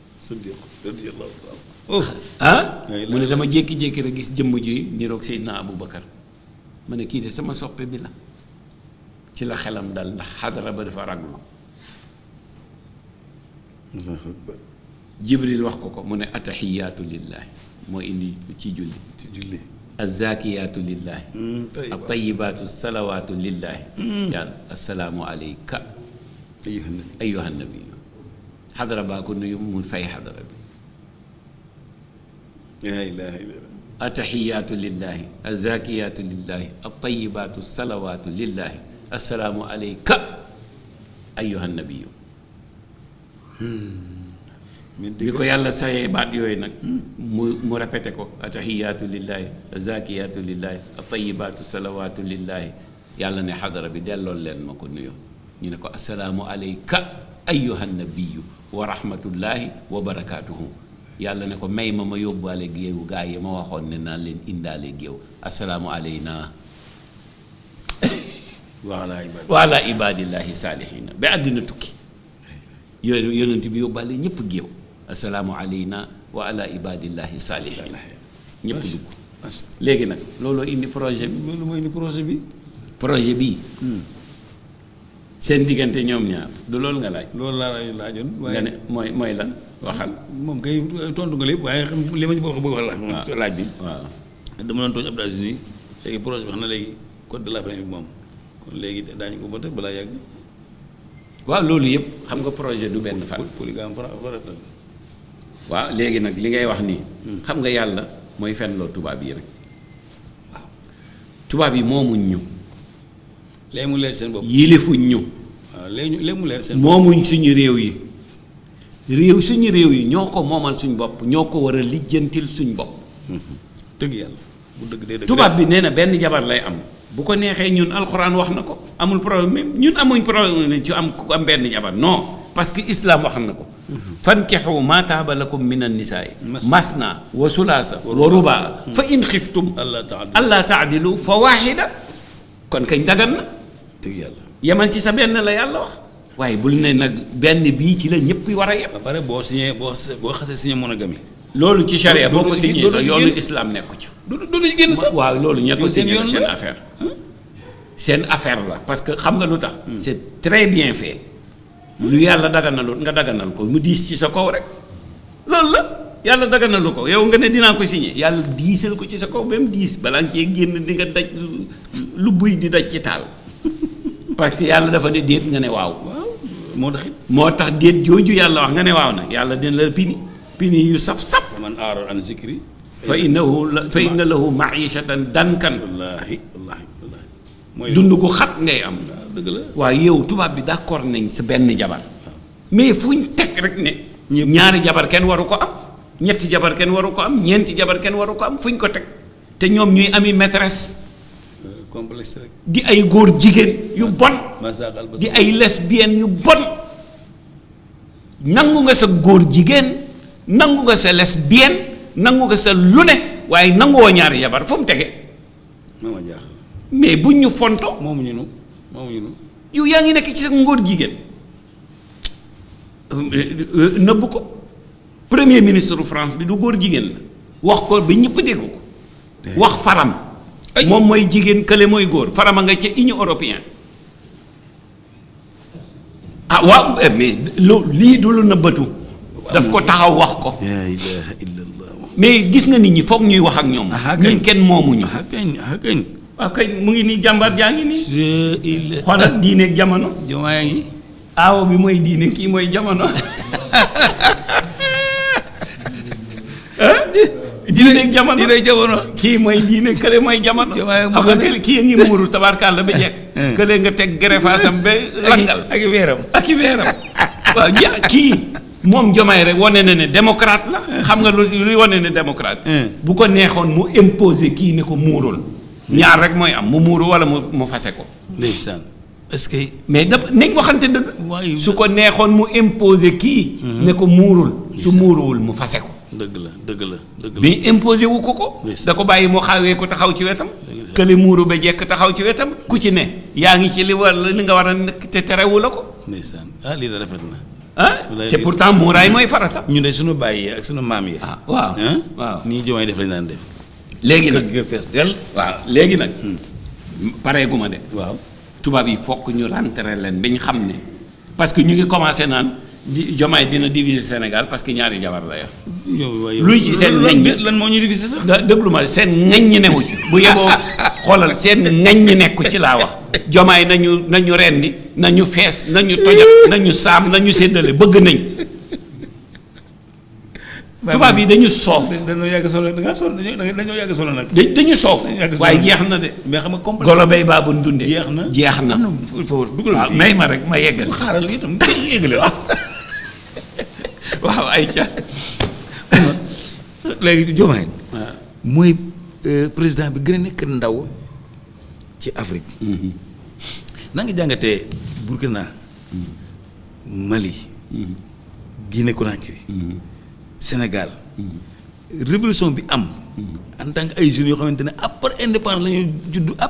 oh, ah mu ne dama jékki-jékki rek gis jëmm ji niroog Seydina Aboubacar ma ne kii de sama soppe bi la ci la xelam dal ndax xadara ba dafa raglu jibril wax ko ko mu ne ataxiyaatu lillaahi moo indi ci julli ci julli azaakiyaatu lillaahi mm, atayibaatu salawaatu lillaahi mm. yàlla assalaamu aleyka ayuha nabi xadara baa ko nuyu mu fay xadara bi laa ilaaha illallaah ataxiyaatu lillaahi azaakiyaatu lillaahi atayibaatu salawaatu lillaahi assalaamu aleyka ayuha nabiyu hmm. bi ko yàlla sayee baat yooyu nag mu mu répété ko atahiyaatu lillaahi zakiyaatu lillaahi atayibaatu salawaatu lillaahi yàlla ne xadara bi dellool leen ma ko nuyoo ñu ne ko asalaamu aleyka ayyuhan nabiyyu wa rahmatullaahi wa barakaatuhu yàlla ne ko may ma ma yóbbaale géewu gaa ma waxoon ne naa leen indaale géew asalaamu aleyna wa ala ibadillahi saalihiina ba àddina tukki yonent bi yóbbaale ñëpp géew assalaamu aleyna wa ala ibadillahi saalihin léegi nag looloo projet mooy indi projet bi projet bii hmm. seen diggante ñoom ñaar du loolu nga laaj loolu laa lay laajoon waaye nga ne mooy mooy lan waxal moom kay euh, tontu waaye xam li ma ci laaj bi waaw dama doon tooñ Abdou projet bi na léegi code de la famille bi moom kon léegi daañu ko voté loolu yëpp xam nga projet du benn fan polygame farata waaw léegi nag li ngay wax nii. xam nga yàlla mooy fen fenloo tubaab yi rek tubaab yi moomuñ ñu. léegi mu leer seen bopp yilifuñ ñu. waaw léegi mu leer seen bopp moomuñ suñu réew yi réew suñu réew yi ñoo ko moomal suñu bopp ñoo ko war a lijjantil suñu bopp. Mm-hmm. dëgg dëgg dee dëgg tubaab bi nee na benn jabar lay am. bu ko neexee ñun alxuraan wax na ko amul problème ñun amuñ problème ci am ku am benn jabar non. parce que islam wax na ko fankixu maa taaba lakum min annisaai masna wa sulaasa wa rubaa fa in xiftum allah taadilu fa ci sa benn la yàlla waaye bul ne nag benn bii ci la ñëpp war a yem ba pare boo signé boo boo xasee signé monogamie loolu ci charia boo ko signé sax yoonu islam nekku ci du du ci génn sax waaw loolu ña ko signé seen affaire seen affaire la parce que xam nga lu tax hmm. c'est très bien fait lu yàlla daganalul nga daganal ko mu diis ci sa kaw rek loolu la yàlla daganalu ko yow nga ne dinaa ko signé yàlla diisal ko ci sa kaw ba mu diis balaa nga cee génn di nga daj lu buy di daj ci taal parce que yàlla dafa ne déet nga ne waaw. moo tax moo tax déet jooju yàlla wax nga ne waaw na yàlla dina la pini pini yu saf saf. man aar an zikri. fa innahu la fa inna lahu maishatan dankan. wallaahi wallaahi mooy dund ko xat ngay am. dëgg la waaw yow tubaab bi d'accord nañ sa benn jabar. mais fu ñu teg rek ne. ñaari jabar kenn waru ko am. ñetti jabar kenn waru ko am ñeenti jabar kenn waru ko am fu ñu ko teg te ñoom ñuy ami maîtresse. Euh, complexe rek. di ay góor jigéen yu bon. di ay lesbiennes yu bon. nangu nga sa góor jigéen nangu nga sa lesbienne nangu nga sa lu ne waaye nanguwoo ñaari jabar fu mu tege. mais buñ ñu fonto moom moomuñu yow yaa ngi nekk ci sa ngóor jigéen euh, euh, euh, nëbbu ko premier ministre France bi du góor jigéen la wax ko ba ñëpp dégg ko wax faram moom mooy jigéen kële mooy góor faram a nga ca union européenne ah waaw eh, mais lu lii du lu nëbbatu daf ko taxaw wax ko mais gis nga nit ñi foog ñuy wax ak ñoom ah, ah, ñun kenn moomuñu ah, waaw ah, kay mu ngi nii jàmbaar jaa ngi nii. xoolal diineeg jamono. jumaa yaa ngi. aawo bi mooy diine kii mooy jamono. diineeg jamono jamono. kii mooy diine kële mooy jamono. xam nga kële kii a ngi muuru tabaarkàlla ba jekk. kële nga teg gerefaasam ba langal. ak i weeram ak i weeram. waaw ja kii. moom jomaay rek wane na ne démocrate la. xam nga lu luy wane ne démocrate. bu ko neexoon mu imposer kii ne ko muurul. ñaar rek mooy am mu muuru wala mu mu fase ko. ndeysaan est-ce que. mais da nañ waxante dëgg. su ko neexoon mu imposer kii. Mhm. ne ko muurul. su muuruwul mu fase ko. dëgg la dëgg la dëgg la. mais wu ko ko. da ko bàyyi mu xawee ko taxaw ci wetam. kële muuru ba jekk taxaw ci wetam. ku ci ne yaa ngi ci li war li nga war a nekk te terewu la ko. ndeysaan ah, lii da rafet na. ah te pourtant muuraay mooy farata. ñu ne suñu bàyyi ak sunu maam yi. ah waaw ah? waaw nii jomay def lañ daan def. léegi nag kër fees del waaw léegi nag. Hmm. pareegu ma de. waaw tubaab yi fokk ñu rentré leen bi ñu xam ne parce que ñu ngi commencé naan di Jomaay dina diviser Sénégal parce que ñaari jabar la yor. luy ci seen. ñañ lan moo ñu diviser sax. da déglu ma seen ñañ ñi newu bu yeboo xoolal seen ñañ ñi nekku ci laa wax. Jomaay nañu nañu rendi ñu fees ñu nañu tojat nañu saam ñu séddale bëgg nañ. tubaab yi dañu soof dañoo yàgg solo da ngaa solo dañoo yàgg solo nag dañu soof waaye jeex na de mais xam nga comme golo bay baabu dunde jeex na jeex na waaw ah, may ma rek ma yeggal xaaral itam yeggale waaw waaw ay ca léegi Diomaye ah. mooy euh, président bi gën a nekk ndaw ci Afrique mm-hmm. na nga jàngatee Burkina mm-hmm. Mali mm-hmm. Guinée Conakry Sénégal révolution bi am en tant ay jeunes yoo xamante ne après indépendance la ñu judd à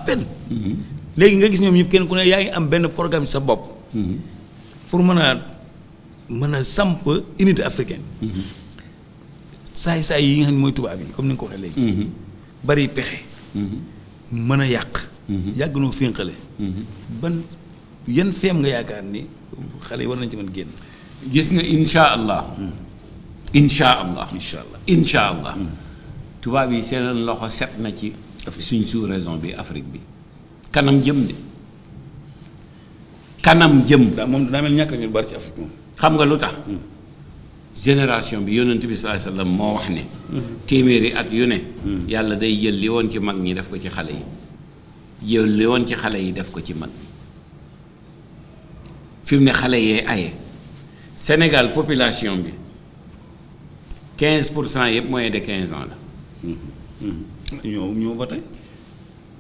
léegi nga gis ñoom ñëpp kenn ku ne yaa ngi am benn programme sa bopp pour mën a mën a samp unité africaine saay saay yi nga xam ne mooy tubaab yi comme ni nga ko waxee léegi bari pexe mën a yàq yàgg noo fénqale ban yan feem nga yaakaar ni xale yi war nañ ci mën génn gis nga incha allah incha allah incha allah allah. Hmm. tubaab yi seen loxo set na ci. suñ sous raison bi Afrique bi kanam jëm de kanam jëm. daa moom daa mel ñàkk ñu bari ci Afrique moom. xam nga lu tax. Hmm. génération bi yonent bi sallallahu alayhi wasallam moo wax ne. Hmm. téeméeri at yu ne. yàlla day jël li woon ci mag ñi def ko ci xale yi jël li woon ci xale yi def ko ci mag ñi fi mu ne xale yee aye Sénégal population bi. quinze pour cent yëpp moyen de quinze ans la. ñoo ñoo voté.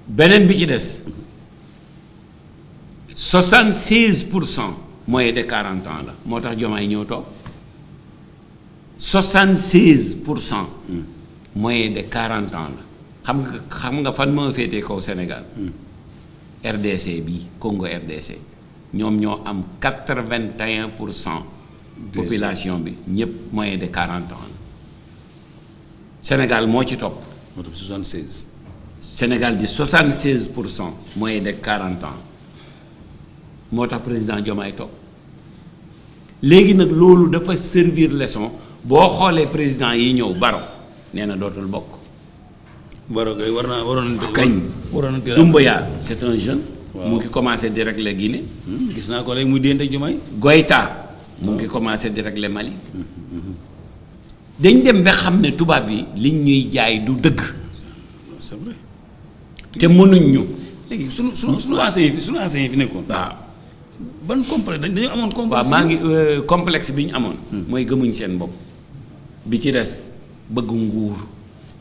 beneen bi ci des soixante seize pour cent moyen de quarante ans la moo tax Diomaye ñëw toog soixante seize pour cent mm-hmm. moyen de quarante ans xam nga xam nga fan moo féetee kaw Sénégal. Mm-hmm. RDC bi Congo RDC ñoom ñoo am quatre vingt et un pour cent. population bi ñëpp moyen de quarante ans. Sénégal moo ci topp. moo topp 76. Sénégal di 76 pour cent mooy de quarante ans moo tax président Diomaye topp léegi nag loolu dafa servir leçon boo xoolee président yi ñëw Baro nee na dootul bokk. Baro kay war naa waroon ah, kañ Doumbouya c'est un jeune. mu ngi commencé di régler Guinée. Hmm, gis naa ko léegi muy dénte Diomaye. Goïta mu ngi commencé di régler Mali. Hmm. dañ dem ba xam ne tubaab yi liñ ñuy jaay du dëgg. c'est vrai te mënuñ ñu. su sunu sunu sunu ancien yi sunu ancien yi fi nekkoon. waaw ban dañ dañu amoon complexe. maa ngi euh, complexe bi ñu amoon. Hmm. mooy gëmuñ seen bopp. bi ci des bëgg nguur.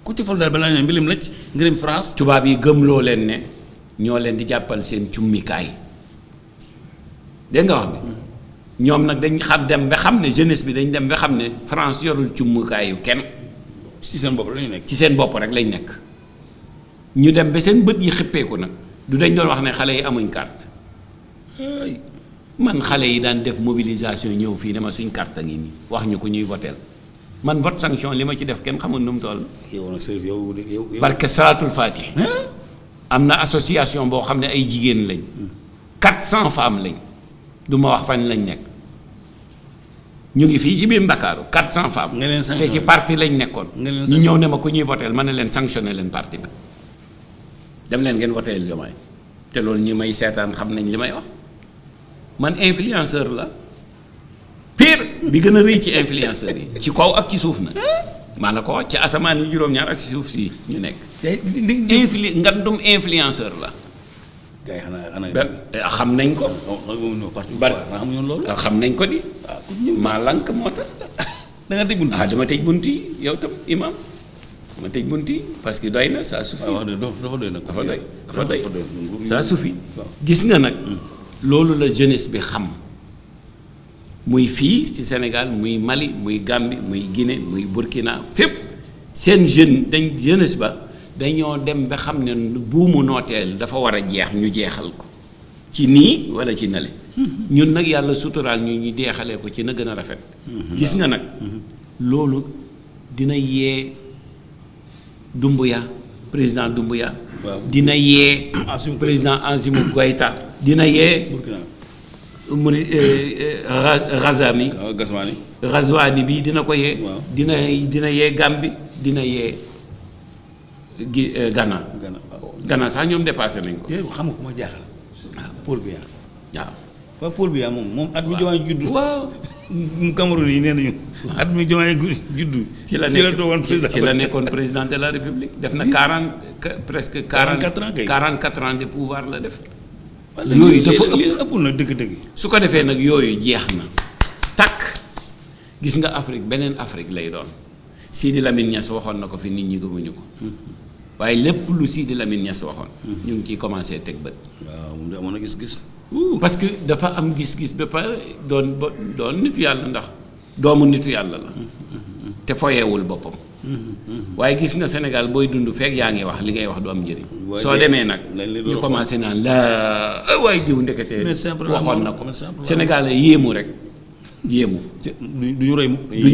ku ci fol daal balaa ñu mbilim lëcc nga dem France. tubaab yi gëmloo leen ne ñoo leen di jàppal seen cummikaay dégg nga wax bi. Hmm. ñoom nag dañ xam dem ba xam ne jeunesse bi dañ dem ba xam ne France yorul cummukaayu kenn. ci seen bopp lañ nekk ci seen bopp rek lañ nekk. ñu dem ba seen bët yi xippeeku nag du dañ doon wax ne xale yi amuñ carte man xale yi daan def mobilisation ñëw fii ne ma suñ carte a ngi nii wax ñu ko ñuy voteel man vote sanction li ma ci def kenn xamul nu mu toll. yow nag Serif yow yow. barke Salatul Fatih. am na association boo xam ne ay jigéen lañ. 400 hmm. femmes lañ. du ma wax fan lañ nekk ñu ngi fii ci biir Ndakaaru 400 femmes. nga leen te ci parti lañ nekkoon. ñu ñëw ne ma ku ñuy voteel ma ne leen sanctionné leen parti bi. dem leen ngeen voteel Diomaye te loolu ñu may seetaan xam nañ li may wax man influenceur la pire bi gën a rëy ci influenceur yi ci kaw ak ci suuf na maa la ko ci asamaan yu juróom-ñaar ak ci suuf si ñu nekk. influ ngandum influenceur la. gars yi xam nañ ko. bari xam nañ ko di. maa lànk moo tax. da nga bunt ah, yi yow tam imam dama parce que doy na ça suffit. Ah, dafa doy dafa doy dafa doy ça gis nga nag. Hmm. loolu la jeunesse bi xam. muy fii si Sénégal muy Mali muy Gambie muy Guinée muy Burkina fépp seen jeune dañ jeunesse ba. dañoo dem ba xam ne buumu nooteel dafa war a jeex ñu jeexal ko ci nii wala ci nale ñun nag yàlla suturaal ñu ñu jeexalee ko ci na gën a rafet mm-hmm. gis nga nag mm-hmm. loolu dina yee Dumbuya président Dumbuya dina yee président Assimi Goïta dina yee mu euh, euh, ni Ghazami Ghazwani bi dina ko yee dina dina yee Gàmbi dina yee gi eh, Ghana. Ghana sax ñoom dépassé nañ ko. xam nga ko ma jaaxal ah bi Biya. waaw waaw Paul moom moom at mi Diomaye judd. waaw Cameroun yi nee nañu. at mi Diomaye judd. ci la nekkoon ci la nekkoon président de la république. def na quarante presque. quarante quatre ans kay quarante quatre ans de pouvoir la def. yooyu dafa ëpp na dëgg-dëgg. su ko defee nag yooyu jeex na. takk gis nga Afrique beneen Afrique lay doon Sidi Lamine Niass waxoon na ko fi nit ñi gëmuñu ko. Hmm, hmm. waaye lépp lu Sidi Lamine Niass waxoon. ñu ngi ciy commencé teg bët. waaw gis-gis. que dafa am gis-gis ba pare doon ba yàlla ndax doomu nitu yàlla la. te foyeewul boppam. waaye gis na Sénégal booy dund fekk yaa ngi wax li ngay wax du am njëriñ. soo demee nag ñu commencé naan la waaye diw ndekete. waxoon na ko Sénégal yéemu rek yéemu. du ñu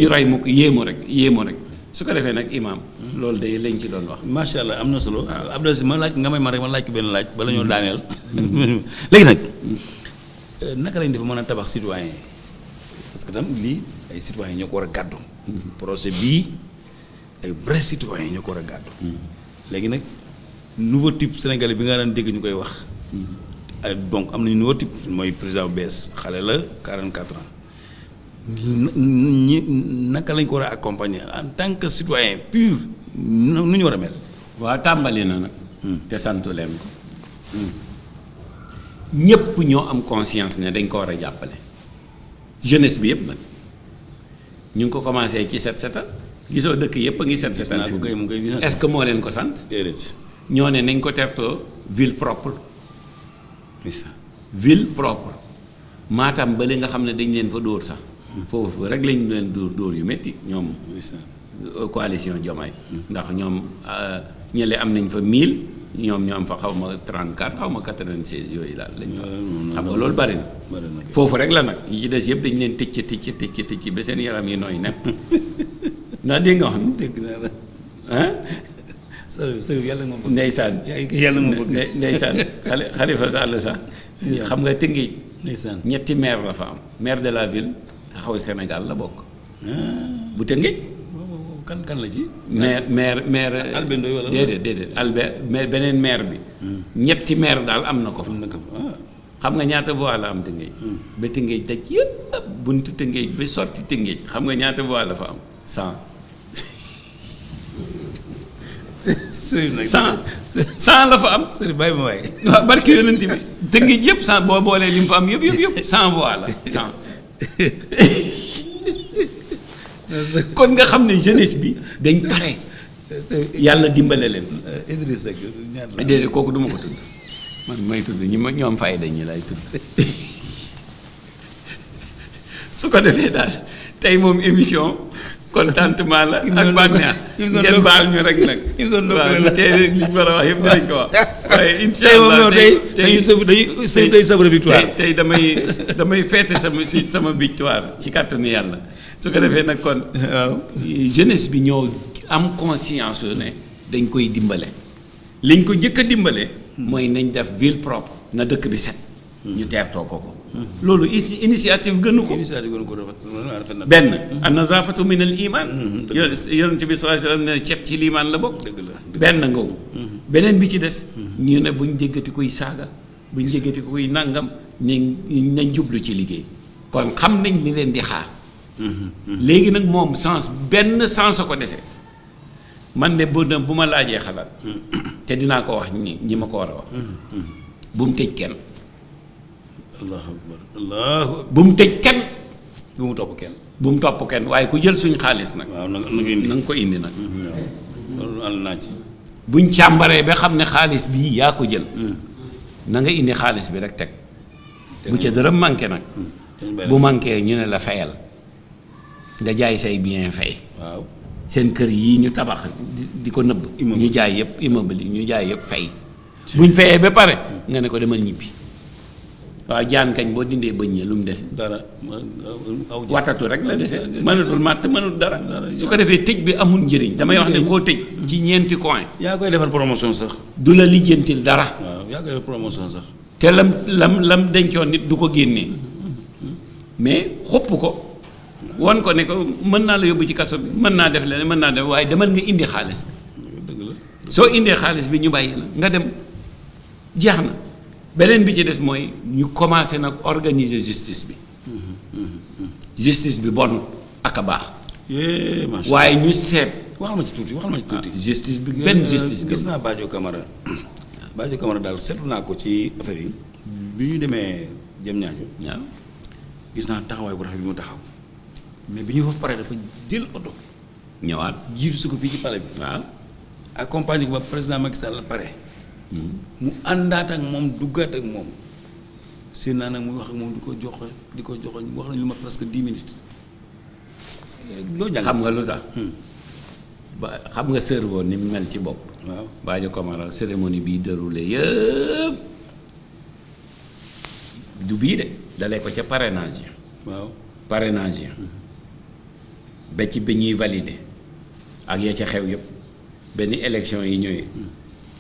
roy mukk yéemu rek rek yéemu rek. su ko defee nag imaam. loolu de lañ ci doon wax. macha allah am na solo. waaw ah. Abdou ma laaj nga may ma rek ma laaj ko benn laaj bala ñoo daaneel. léegi nag euh, naka lañ def mën a tabax citoyen parce que tam lii ay citoyen ñoo ko war a gàddu. projet bii ay vrai citoyen ñoo ko war a gàddu. léegi nag nouveau type sénégalais bi nga daan dégg ñu koy wax. Hmm. Euh, donc am nañu nouveau type mooy président bu bees xale la 44 ans. ñi naka lañ ko war a accompagner en tant que citoyen pur nu ñu war a mel. waaw tàmbali na nag. Hmm. te santu leen ko. Hmm. ñëpp ñoo am conscience ne dañ ko war a jàppale jeunesse bi yëpp nag ñu ngi ko commencé ci set setal gisoo dëkk yëpp a ngi set setal est-ce que moo leen ko sant. ñoo ne nañ ko tertoo ville propre. ville propre. Matam ba li nga xam ne dañ leen fa dóor sax. foofu rek lañu leen dóor dóor yu métti ñoom coalition Diomaye mm. ndax ñoom euh, ñële am nañ fa 1000 ñoom ñoom fa xaw ma 34 xaw ma 96 yooyu daal lañ fa xam nga loolu bari na foofu rek la nag yi ci yëpp dañ leen tëcc tëcc tëcc tëcc ba seen yaram yi nooy nepp ndax nga wax ni dégg la ah sëriñ yàlla ma bëgg ndeysaan yàlla ma bëgg ndeysaan xalifa Sall xam nga tëngeej ndeysaan ñetti maire la fa am maire de la ville taxawu Sénégal la bokk. Ah. bu Tëngéej. kan kan la ci. maire maire maire. Ah, Albert Ndoye wala déedéet déedéet Albert beneen maire bi. Hmm. ñetti maire daal am na ko fa. Ah. xam nga ñaata voie la am Tëngéej. Hmm. ba Tëngéej daj yëpp buntu Tëngéej ba sorti Tëngéej xam nga ñaata voie la fa am cent. cent cent la fa am. sëriñ bàyyi ma waay. waaw barki yonent bi Tëngéej yëpp cent boo boolee li mu fa am yëpp yëpp yëpp cent la kon nga xam ne jeunesse bi dañ pare. yàlla dimbale leen. Euh, Idrissa Seck kooku duma ko tudd man mooy tudd ñi ma ñoom fayda ñi lay tudd su ko defee daal tey moom émission. contentement la ak bànneex ngeen baal ñu rek nag. waaw tey rek li ñu war yëpp dinañ ko wax. waaye incha allah tey tey tey tey sabre victoire. tey damay damay sama sama victoire ci kàttanu yàlla su ko defee nag kon. waaw jeunesse bi ñoo am conscience ne dañ koy dimbale. liñ ko njëkk a dimbale. Hmm. mooy nañ def ville propre na dëkk bi set. Hmm. ñu teertoo ko ko. loolu initiative gënu ko. initiative gënu ko rafet na. benn mhm. an nazaafatu min al iman. Mhm, yonent bi sallallahu alayhi wasallam ne cet ci liimaan la bokk. dëgg la benn ngaw. Mhm. beneen bi ci des. ñu ne buñ déggati kuy saaga. buñ déggati koy nangam nañ nañ jublu ci liggéey. kon xam nañ ni leen di xaar. léegi nag moom sens benn sens a ko dese. man de bu bu ma laajee xalaat. te dinaa ko wax ñi ñi ma ko war a wax. bu mu tëj kenn. allahu bu mu tëj kenn bu mu topp kenn bu mu kenn waaye ku jël suñ xaalis nag waaw na nga ko indi nag hmm, naa ci buñ càmbaree ba xam ne xaalis bii yaa ko jël hmm. na nga indi xaalis bi rek teg bu ca dërëm manqué nag hmm, bu manqué ñu ne la fayal nga jaay say bien fay seen kër yi ñu tabax di ko nëbb ñu jaay yëpp immeuble yi ñu jaay yëpp fay buñ fayee ba pare nga ne ko demal ñibbi waaw jaan kañ boo dindee bëñ ya lu mu des. dara watatu rek la dese mënatul màtt mënul dara. su ko defee tëj bi amul njëriñ. damay wax ne koo tëj. ci ñeenti coin. yaa koy defar promotion sax. du la lijjantil dara. waaw yaa koy defar promotion sax. te lam lam lam dencoon nit du ko génnee mais xupp ko won ko ne ko mën naa la yóbbu ci kaso bi mën naa def leneen mën naa def waaye demal nga indi xaalis dëgg la soo indee xaalis bi ñu bàyyi la nga dem jeex na. beneen bi ci des mooy ñu commencé nag organiser justice bi justice bi bon ak a baax. Eh, waaye ñu seet. waxal ma ci tuuti waxal ma ci tuuti. Ah, justice bi benn justice. gis naa Badio Camara Badio Camara daal setu naa ko ci affaire yi. bi ñu demee jëm ñaañu. waaw gis naa taxawaay bu rafet bi mu taxaw. mais bi ñu fa pare dafa jël oto. ñëwaat jiitu si ko fii ci palais bi. waaw accompagné ko ba président Macky la pare. mu àndaat ak moom duggaat ak moom seen naa nag muy wax ak moom di ko joxoñ di ko joxoñ mu wax nañu lu ma presque dix minutes loo jàng xam nga lu tax hmm. ba xam nga cerveau ni mu mel ci bopp waaw Badio Camara cérémonie bii déroulé yëpp du bii dalee ko ca parrainage yi waaw parrainage yi hmm. ba bi ñuy validé ak ya ca xew yëpp benn élection yi ñëwee hmm.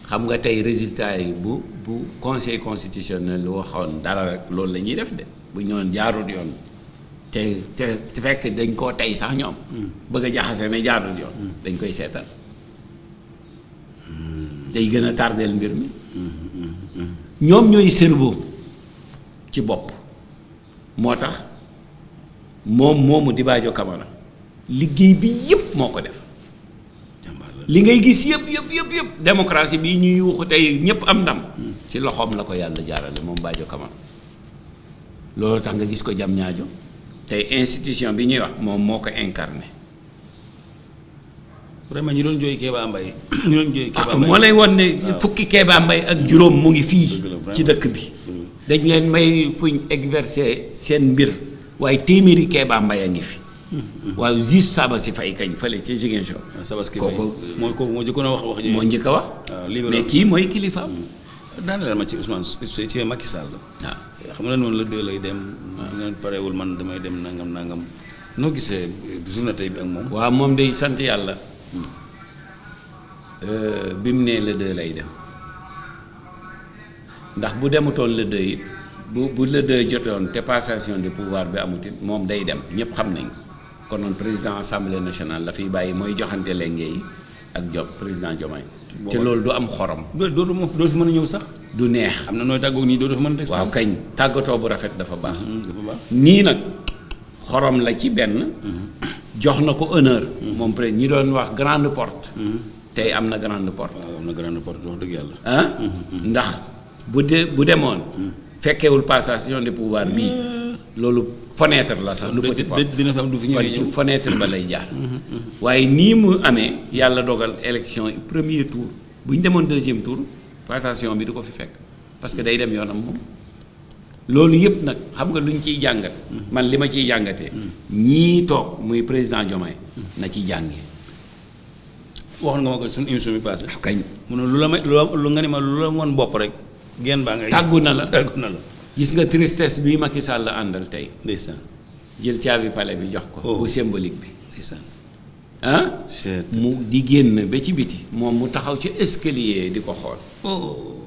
xam nga tey résultat yi bu bu conseil constitutionnel waxoon dara rek loolu la ñuy def de bu ñoon jaarut yoon te te fekk dañ koo tey sax ñoom hmm. bëgg a jaxase ne jaarut yoon hmm. dañ koy seetal day gën a tardeel mbir mi ñoom ñooy cerveau ci bopp moo tax moom moomu Dibaajo Kamara liggéey bi yépp moo ko def li ngay gis yëpp yëpp yëpp yëpp démocratie bi ñuy yuuxu tey ñëpp am ndam hmm. ci loxoom la ko yàlla jaarale moom Badio Camara loolu tax nga gis ko jam ñaajo tey institution bi ñuy wax moom moo ko incarné vraiment ñu doon jooy Kéba Mbaye ñu doon jooy Kéba ah, Mbaye moo lay won ne ah. fukki Kéba Mbaye ak juróom mu ngi fii ci dëkk bi dañ leen may fuñ exercer seen mbir waaye téeméeri Kéba Mbaye a ngi fi waaw juge Sabasy Faye kañ fële ca Ziguinchor. Ah, Sabasy Faye kooku mooy kooku moo njëkkoon a wax wax. moo njëkk a wax. Ah, mais kii mooy kilifaam. Hmm. daanaka ma ci Ousmane ci Macky Sall. waaw ah. eh, xam nga noonu la deux lay dem. waaw bu ngeen damay dem nangam nangam. noo gisee eh, journée tey bi moom. day sant yàlla. Hmm. Euh, mu nee lay dem ndax bu demutoon le deux it bu bu le deux bi amut moom day dem ñëpp xam nañ konoon président assemblée nationale la fiy bàyyi mooy joxante lenge yi ak Diop président Diomaye te loolu du am xorom. doo doo doo mën a ñëw sax. du neex am na nooy tàggoog nii doo fi mën a teg waaw tàggatoo bu rafet mm-hmm, dafa baax. nii nag xorom la ci benn. Mm-hmm. jox na ko honneur. Mm-hmm. moom peut ñi doon wax grande porte. tey am na grande porte. waaw am na grande porte wax dëgg yàlla. ah. ndax bu dee bu demoon. fekkewul passation de pouvoir bii. Eh, loolu fenêtre la sax lu petit pas dina fa du fi ñëwee ci fenêtre ba lay jaar mm-hmm, mm-hmm. waaye nii mu amee yàlla dogal élection premier tour bu ñu demoon deuxième tour passation bi du ko fi fekk parce que day dem yoonam moom loolu yëpp nag xam nga lu ñu ciy jàngat mm-hmm. man li ma ciy jàngatee ñii toog muy président Diomaye na ci jàngee waxoon nga ma ko suñu émission bi passé ah, kañ mu ne lu la may lu nga ne lu la moon bopp rek gen baa ngay tàggu na la tàggu na la gis nga tristesse bi Macky Sall sàll àndal tey. ndeysaan jël caabi pale bi jox ko. Oh. bu symbolique bi. ndeysaan ah. mu di génn ba ci biti moom mu taxaw ci escalier di ko xool. Oh.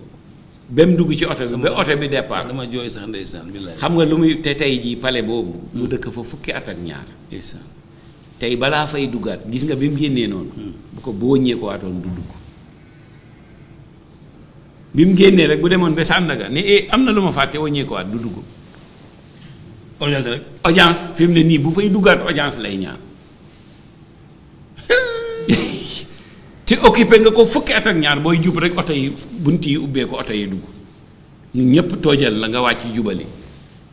ba mu dugg ci oto bi ba oto bi départ. Ah, dama jooy sax ndeysaan billaay xam nga lu muy te tey jii pale boobu. mu dëkk fa fukki at ak ñaar. tey balaa fay duggaat gis nga bi mu génnee noonu. Hmm. bu ko boo ñëwee ko waatoon du dugg. bi mu génnee rek bu demoon ba Sandaga ne eh am na lu ma fàtte at du dugg. audience rek. audience fi mu ne nii bu fay duggaat audience lay ñaan te occupé nga ko fukki at ak ñaar booy jub rek oto yi bunt yi ubbee ko oto yi dugg ñun ñëpp toojal la nga wàcc jubali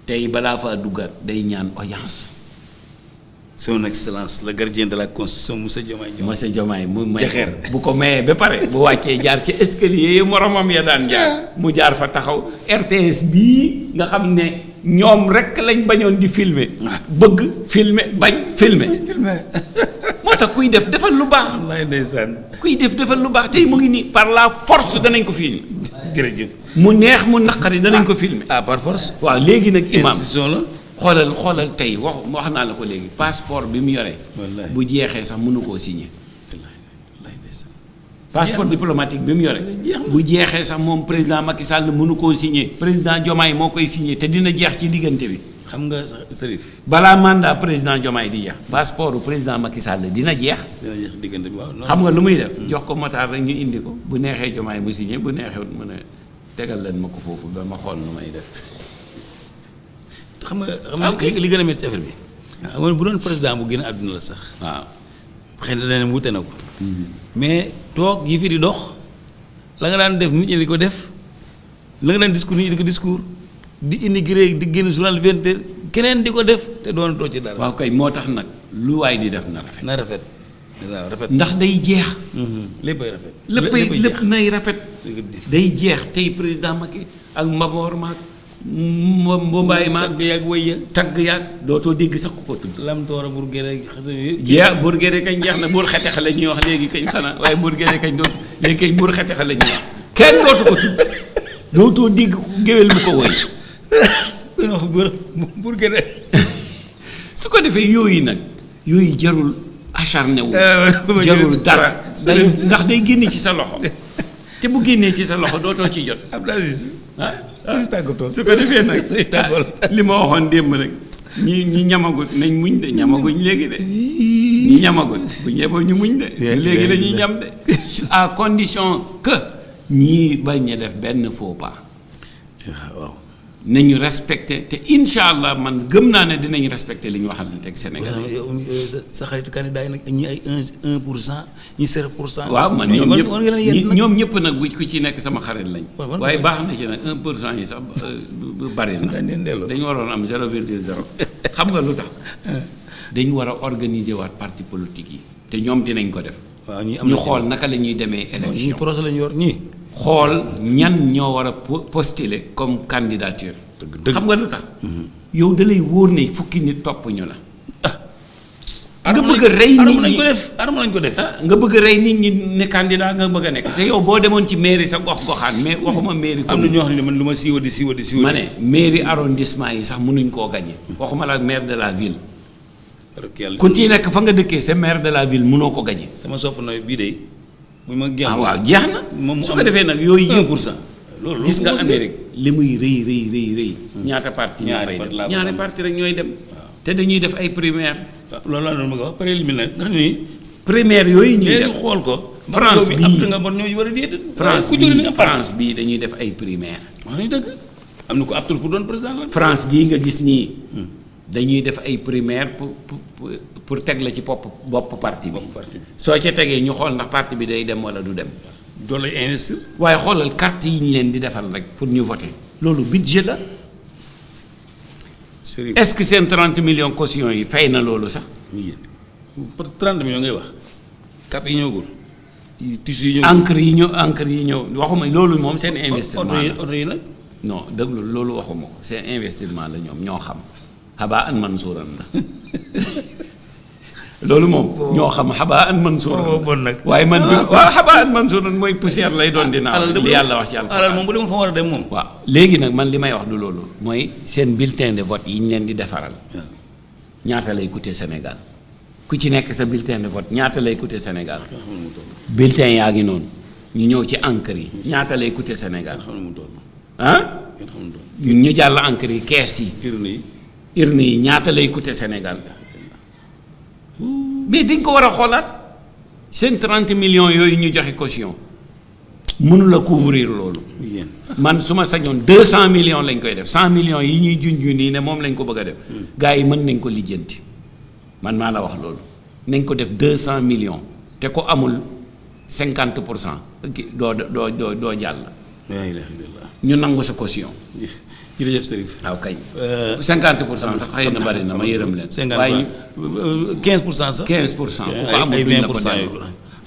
tey balaa faa duggaat day ñaan audience. son excellence le gardien de la constitution monsieur Diomaye monsieur Diomaye mu may bu ko mayee ba pare bu wàccee jaar ci escalier yi moromam ya daan jaar ah. mu jaar fa taxaw RTS bii nga xam ne ñoom rek lañ bañoon di filmer ah. bëgg filme bañ filme moo tax kuy def defal lu baax lay ndeysaan kuy def defal lu baax tey mu ngi nii par la force danañ ko filmer jërëjëf mu neex mu naqari danañ ah. ko filmer ah par force waaw léegi nag imam la xoolal xoolal tey wax wax naa la ko léegi passeport bi mu yore. bu jeexee sax mënu koo signé. passeport diplomatique bi mu yore. bu jeexee sax moom président Macky Sall mënu koo signé président Diomaye moo koy signé te dina jeex ci diggante bi. xam nga Serif. balaa mandat président Diomaye di jeex. passeport président Macky Sall dina jeex. dina jeex diggante bi xam nga lu may def. Hmm. jox ko motaar rek ñu indi ko bu neexee Diomaye mu signé bu neexee mu ne tegal leen ma ko foofu ba ma xool may def. xam nga xam nga ah, li gën a métti bi. Ah. xam nga bu doon président bu gën a àdduna la sax. waaw ah. xëy na leneen wute na ko. Mm-hmm. mais toog yi fi di dox la nga daan def nit ñi di ko def la nga daan discours nit ñi di ko discours di immigré di génn journal vingt heures keneen di ko def te doon too ci dara. waaw kay moo tax nag lu waay di def na rafet. na rafet rafet. ndax day jeex. Mm-hmm. léppay rafet. léppay lépp nay rafet. day jeex tey président Macky ak Mabor Mack. mbumbaay maag tagg yaag wëy ya tagg yaag dootoo dégg sax ku ko tudd lamtoora burgere jea burgere kañ jeex na buur xetex la ñuy wax léegi kañ xanaa waaye burgere kañ doot léegi kañ buur xetex la wax kenn dootu ko tudd dootoo dégg géwél bu ko woy wax bur burgere su ko defee yooyu nag yooyu jarul acharné wu eh, jarul dara day ndax day génne ci sa loxo te bu génnee ci sa loxo dootoo ci jot Abdou suñu tàggatoo su ko defee nag ah, li ma waxoon démb rek ñi ñi ñamagut nañ muñ de ñamaguñ léegi de ñi ñamagut bu ñeboo ñu muñ de léegi la ñuy ñam de à condition que ñii bañ a def benn faux pas ah, nañu respecté te incha allah man gëm naa ne dinañu respecté li ñu waxante ak Sénégal. sa xaritu candidat yi nag ñi ay un pour cent ñi sept pour cent. waaw man ñoom ñëpp nag bu ku ci nekk sama xarit lañ. waaye baax na ci nag un pour cent yi sax euh, bari na. dañu waroon am zéro virgule zéro xam nga lu tax dañu war a organiser waat parti politique yi te ñoom dinañ ko def. ñi am ñu xool naka la ñuy demee. élection ñi projet lañ yor xool ñan ñoo war a postuler comme candidature. xam nga lu tax. Mhm. yow da lay wóor ne fukki nit topp ñu la. Ah. nga bëgg a rey nit ñi ko ko def. Ah, nga bëgg a rey nit ñi ne candidat nga bëgg a nekk. te yow boo demoon ci mairie sa gox goxaan mais waxuma mairie. am na ñoo xam ne man lu ma siiwa di siiwa di siiwa. ma ne mairie arrondissement yi sax munuñ koo gagné. waxuma la maire de la ville. ku ci nekk fa nga dëkkee sa maire de la ville munoo ko gagné. sama sopp nooy bii de. bu ma jeex ah waaw jeex na. moom su ko defee nag yooyu yëpp pour cent. loolu gis nga Amérique li muy rëy rëy rëy rëy. Hmm. ñaata parti ñoo fay dem parti rek ñooy dem. te dañuy def ay primaire. loolu laa doon bëgg a wax préliminaire nga xam primaire yooyu ñuy def xool ko. France bii am nga bon ñoo war a déet. France bii France bii dañuy def ay primaire. wax nañu dëgg am na ko aptul pour doon président la. France gii nga gis nii. Hmm. dañuy def ay primaire pour pour teg la ci bopp bopp parti bi soo ca tegee ñu xool ndax parti bi day dem wala du dem doon lay investir waaye xoolal carte yi ñu leen di defal rek pour ñu voter loolu budget la est-ce que seen 30 millions caution yi fay na loolu sax pour 30 millions ngay wax cap yi ñëwagul tissu yi ñëw encre yi ñëw encre yi ñëw waxuma loolu moom seen investissement la oto yi nag non déglu loolu waxuma ko seen investissement la ñoom ñoo xam xabaa an mansuuran la loolu moom ñoo xam xabaa an mansuuran oh, bon nag waaye man bi waaw xabaa an mooy poussière lay doon dinaa li yàlla wax ci alquran alal moom bu dee fa war a dem moom waaw léegi nag man li may wax du loolu mooy seen bulletin de vote yi ñu leen di defaral ñaata lay coûter Sénégal ku ci nekk sa bulletin de vote ñaata lay coûter Sénégal bulletin yaa ngi noonu ñu ñëw ci encre yi ñaata lay coûter Sénégal ah ñun ñu jàll encre yi kees yi na yi ñaata lay coûter Sénégal mais dañ ko war a xoolaat seen trente millions yooyu ñu joxe caution mënula couvrir loolu. man su ma sañoon deux 200 millions lañ koy def cent millions yi ñuy junj nii ne moom lañ ko bëgg a def. Hmm. gars yi mën nañ ko lijjanti man maa la wax loolu nañ ko def 200 millions te ko amul 50 pour cent doo doo doo doo jàll. ñu nangu sa caution. jërëjëf Serif. waaw kay. 50 pour cent sax xëy na bari na ma yërëm leen. 50 waaye 15 pour cent sax. pour cent. Euh, ay ay 20 pour cent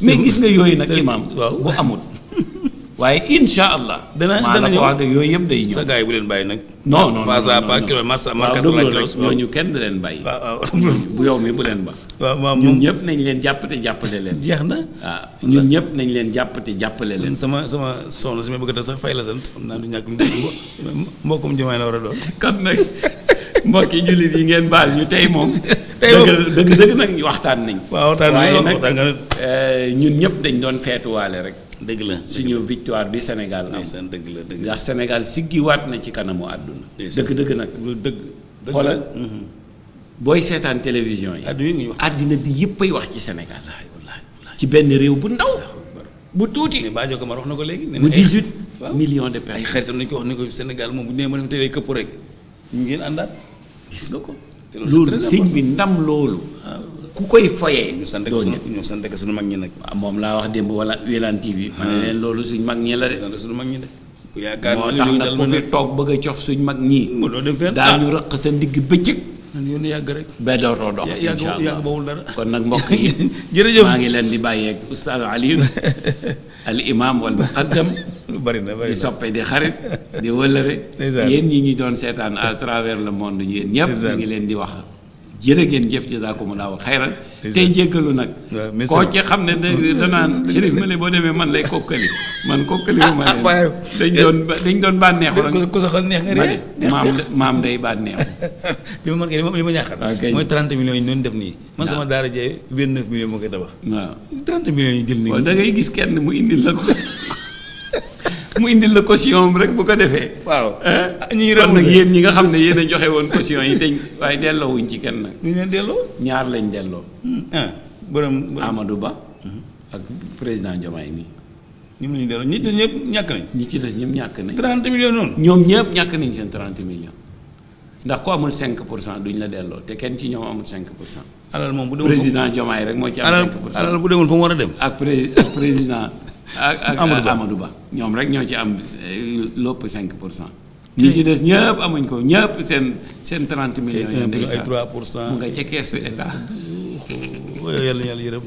mais gis nga yooyu nag imaam bu amul. waaye incha allah. dana dana ñëw maa ko wax de yooyu yëpp day ñëw. sa gars yi bu leen bàyyi nag. non non non pas à pas kilo kenn du leen bàyyi. bu yow mi bu leen ba. waaw ñun ñëpp nañ leen jàppate jàppale leen. jeex na ñun ñëpp nañ leen jàppate jàppale leen. sama sama soxna si bëgg a sax fay la sant xam naa du ñàkk lu mbokkum jumaay la war a doon. kon nag mbokki jullit yi ngeen baal ñu tey moom. tey moom dëgg dëgg waxtaan nañ. waaw waxtaan nañ waaye nag eh, ñun ñëpp dañ doon feetuwaale rek dëgg la suñu victoire bi Sénégal am dëgg la dëgg ndax Sénégal siggiwaat na ci kanamu àdduna. dëgg dëgg nag dëgg. xoolal mhm. booy seetaan télévision yi. àddina bi ay wax ci Sénégal. ci benn réew bu ndaw. bu tuuti mais Badio Camara wax na ko léegi. nee na mu 18 millions de personnes. ay xaritam nañu ko wax ne ko Sénégal moom bu ñu nee ma ne tey këpp rek ñu ngeen àndaat. gis nga ko. loolu sëñ bi ndam loolu. ku koy foyee. ñu sant sant ak suñu mag ñi nag. waaw ah, moom laa wax démb wala Wilane TV. Ah. ma ne leen loolu suñ mag ñi la de. suñu mag ñi yaakaar moo tax nag ku fi toog bëgg a cof suñ mag ñi. daañu rëq sa ndigg bëccëg. yoon yàgg rek. ba dootoo dox. incha allah yàgg kon nag mbokk yi jërëjëf maa ngi leen di bàyyeeg oustaz Alioune al imam wal muqaddam bari na bari na di soppe di xarit di wëllëre. yéen ñi ñu doon seetaan à travers le monde yéen ñëpp. ñu ngi leen di wax. jërë ngeen jëf jazaakumu laahu xayran tey jéggalu nag koo ci xam ne danaan Chérif ma boo demee man lay kokkali man kokkali ma ah, leen dañ doon dañ doon bànneexu rek ku neex nga rek maam maam day bànneexu li ma mën li ma mooy 30 millions yi noonu def nii man ah. sama daara jee 29 millions moo koy tabax waaw ah. 30 millions yi jël nii da ngay gis kenn mu indil la ko mu indil la ko caution rek bu ko defee. waaw eh? ah, ñuy kon nag yéen ñi nga xam ne yéen joxe woon caution yi dañ waaye delloo wuñ ci kenn nag. ñu leen delloo. ñaar lañ delloo. Hmm, ah borom Amadou Ba. Hmm. ak président Diomaye mi. ñu ngi leen delloo ñi ñàkk nañ. ñi ci des ñëpp ñàkk nañ. 30 millions noonu. ñoom ñëpp ñàkk nañ seen 30 millions. ndax ku amul 5 pour cent duñ la delloo te kenn ci ñoom amul 5 pour cent. alal moom bu demul président Diomaye rek moo bu demul fa mu war a dem. ak président. ak ak eh, Amadou Ba ñoom rek ñoo ci am eh, lopp 5 pour cent. ñi ci des ñëpp amuñ ko ñëpp seen seen 30 millions. yéen ay pour cent mu nga ca keesu état. yàlla yàlla yërëm.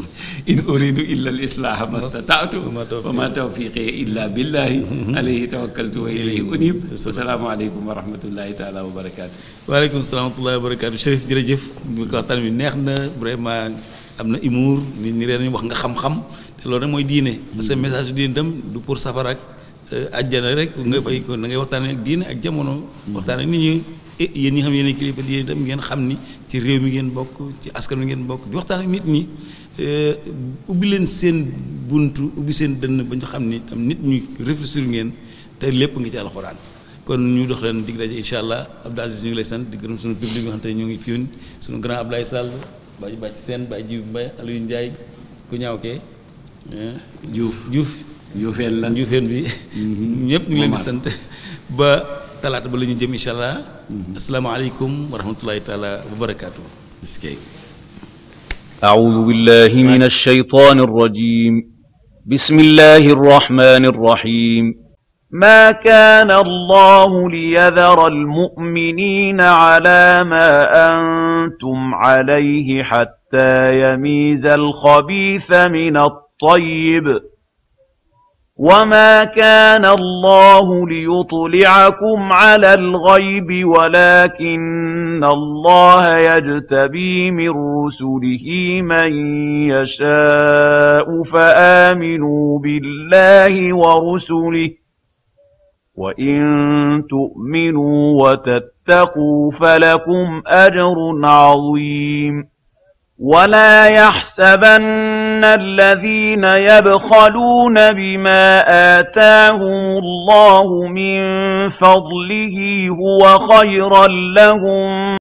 in uridu illa al islaaha mastataatu wa ma tawfiqi illa billahi alayhi tawakkaltu wa ilayhi unib asalaamaaleykum wa rahmatullahi taala wa barakaatu. waaleykum salaam wa rahmatullahi wa barakaatu Chérif jërëjëf. bu ko waxtaan neex na vraiment am na humour nit ñi reen wax nga xam-xam. te loolu rek mooy diine mm. parce que message yu diine tam du pour safara ak ajjana euh, rek mm. nga fay ko na ngay waxtaane diine ak jamono mm. waxtaane nit ñi eh, yéen ñi xam yéen kilifa diine tam ngeen xam ni ci réew mi ngeen bokk ci askan mi ngeen bokk di waxtaan ak nit ñi euh, ubbi leen seen buntu ubbi seen dënn ba ñu xam ni tam nit ñu réfléchir ngeen te lépp ngi ci alxuraan kon ñu dox leen dig daje incha allah Abdou ñu ngi lay sant di gërëm suñu public bi nga xam te ngi fi woon suñu grand Ablaye Sall bàyyi bàyyi seen bàyyi Jibi Mbaye Aliou Ndiaye ku ñaaw kee Diouf Diouf. Dioufeen la Dioufeen bi. Mhm. ñëpp ñu ngi leen di sant ba talaata ba la ñu jëm incha allah. Mhm. asalaamaaleykum wa rahmatulahi taala wa barakaatu. أعوذ بالله من الشيطان الرجيم بسم الله الرحمن الرحيم ما كان الله ليذر المؤمنين على ما أنتم عليه حتى يميز الخبيث من الطيب الطيب وما كان الله ليطلعكم على الغيب ولكن الله يجتبي من رسله من يشاء فآمنوا بالله ورسله وإن تؤمنوا وتتقوا فلكم أجر عظيم ولا يحسبن الذين يبخلون بما آتاهم الله من فضله هو خيرا لهم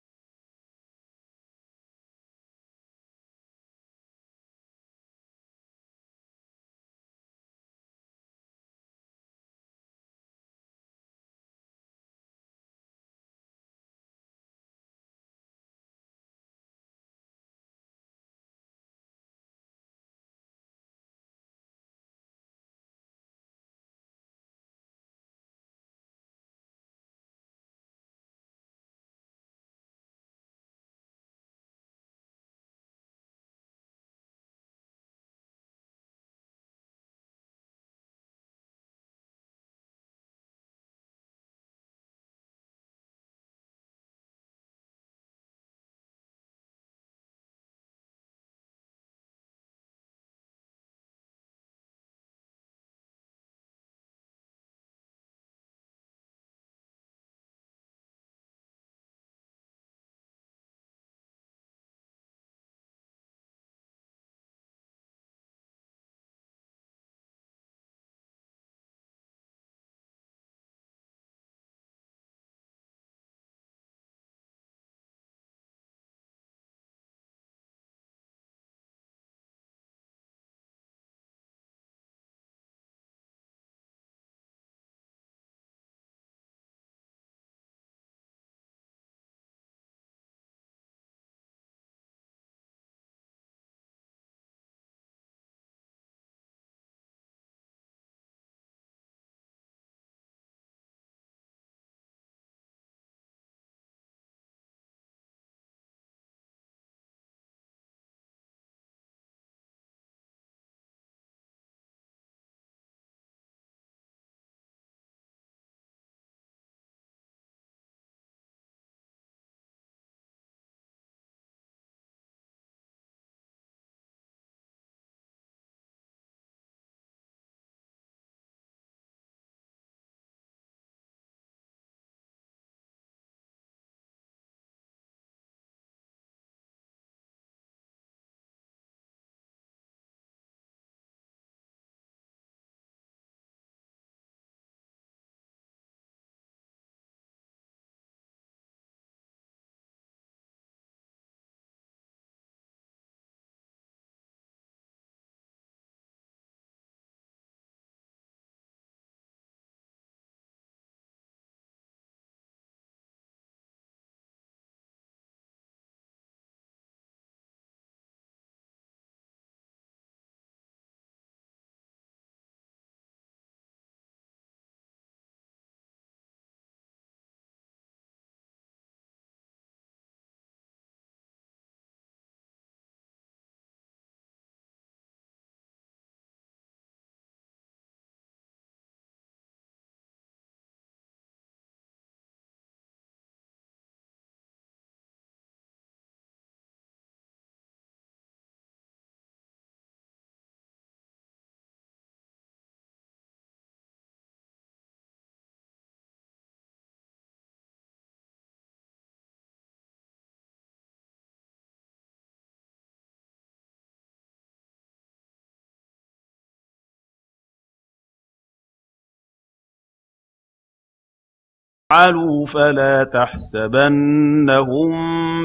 فعلوا فلا تحسبنهم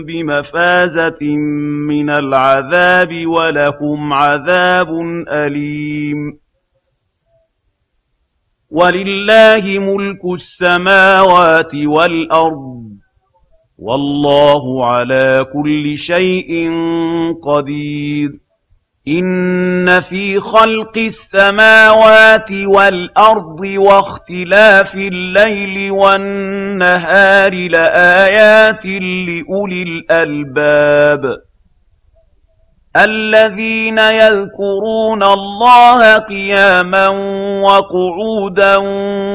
بمفازة من العذاب ولهم عذاب أليم ولله ملك السماوات والأرض والله على كل شيء قدير إن في خلق السماوات والأرض واختلاف الليل والنهار لآيات لأولي الألباب الذين يذكرون الله قياما وقعودا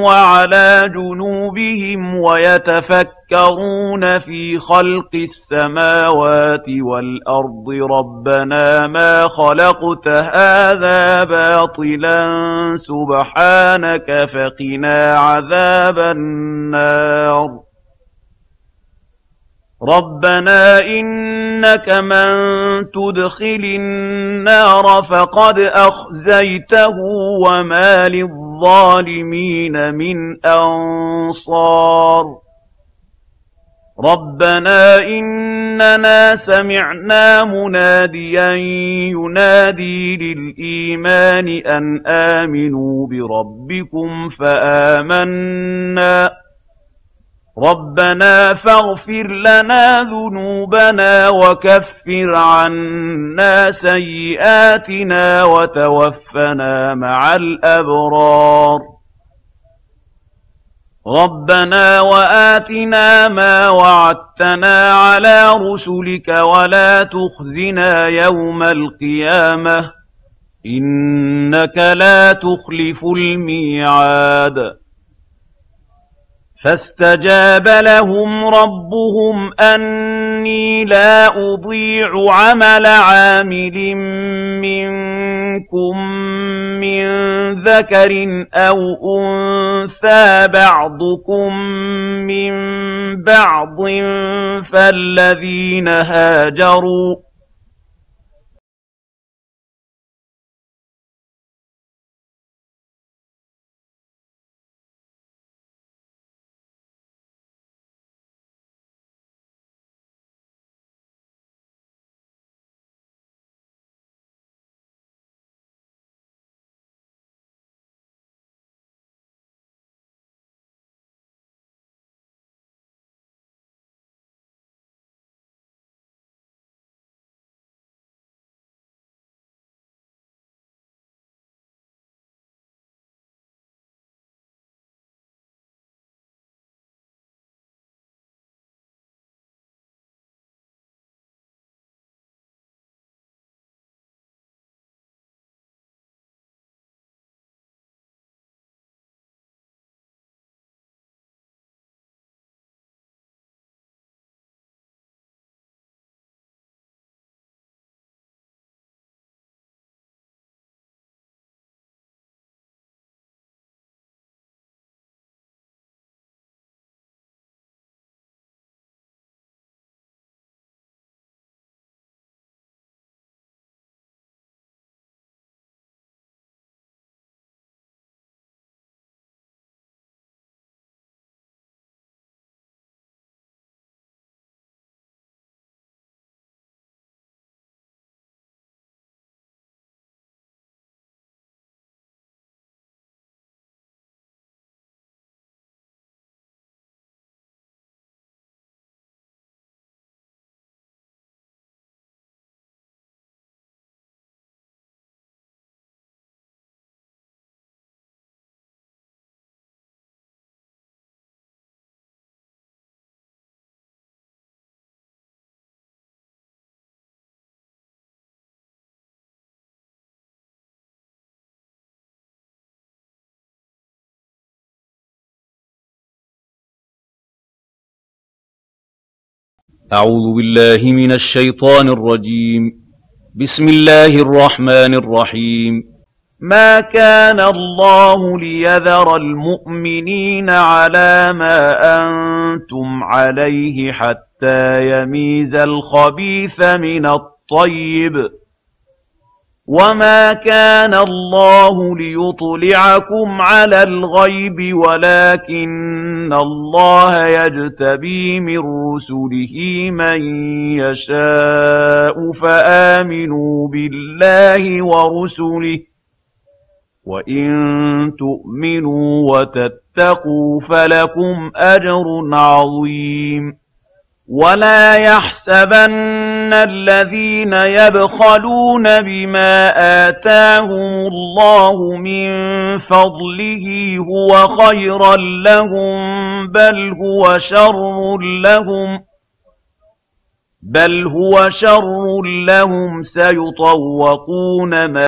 وعلى جنوبهم ويتفكرون في خلق السماوات والأرض ربنا ما خلقت هذا باطلا سبحانك فقنا عذاب النار ربنا إنك من تدخل النار فقد أخزيته وما للظالمين من أنصار ربنا إننا سمعنا مناديا ينادي للإيمان أن آمنوا بربكم فآمنا ربنا فاغفر لنا ذنوبنا وكفر عنا سيئاتنا وتوفنا مع الأبرار ربنا وآتنا ما وعدتنا على رسلك ولا تخزنا يوم القيامة إنك لا تخلف الميعاد فاستجاب لهم ربهم أني لا أضيع عمل عامل منكم من ذكر أو أنثى بعضكم من بعض فالذين هاجروا أعوذ بالله من الشيطان الرجيم بسم الله الرحمن الرحيم ما كان الله ليذر المؤمنين على ما أنتم عليه حتى يميز الخبيث من الطيب وما كان الله ليطلعكم على الغيب ولكن الله يجتبي من رسله من يشاء فآمنوا بالله ورسله وإن تؤمنوا وتتقوا فلكم أجر عظيم ولا يحسبن الذين يبخلون بما آتاهم الله من فضله هو خيرا لهم بل هو شر لهم بل هو شر لهم سيطوقون ما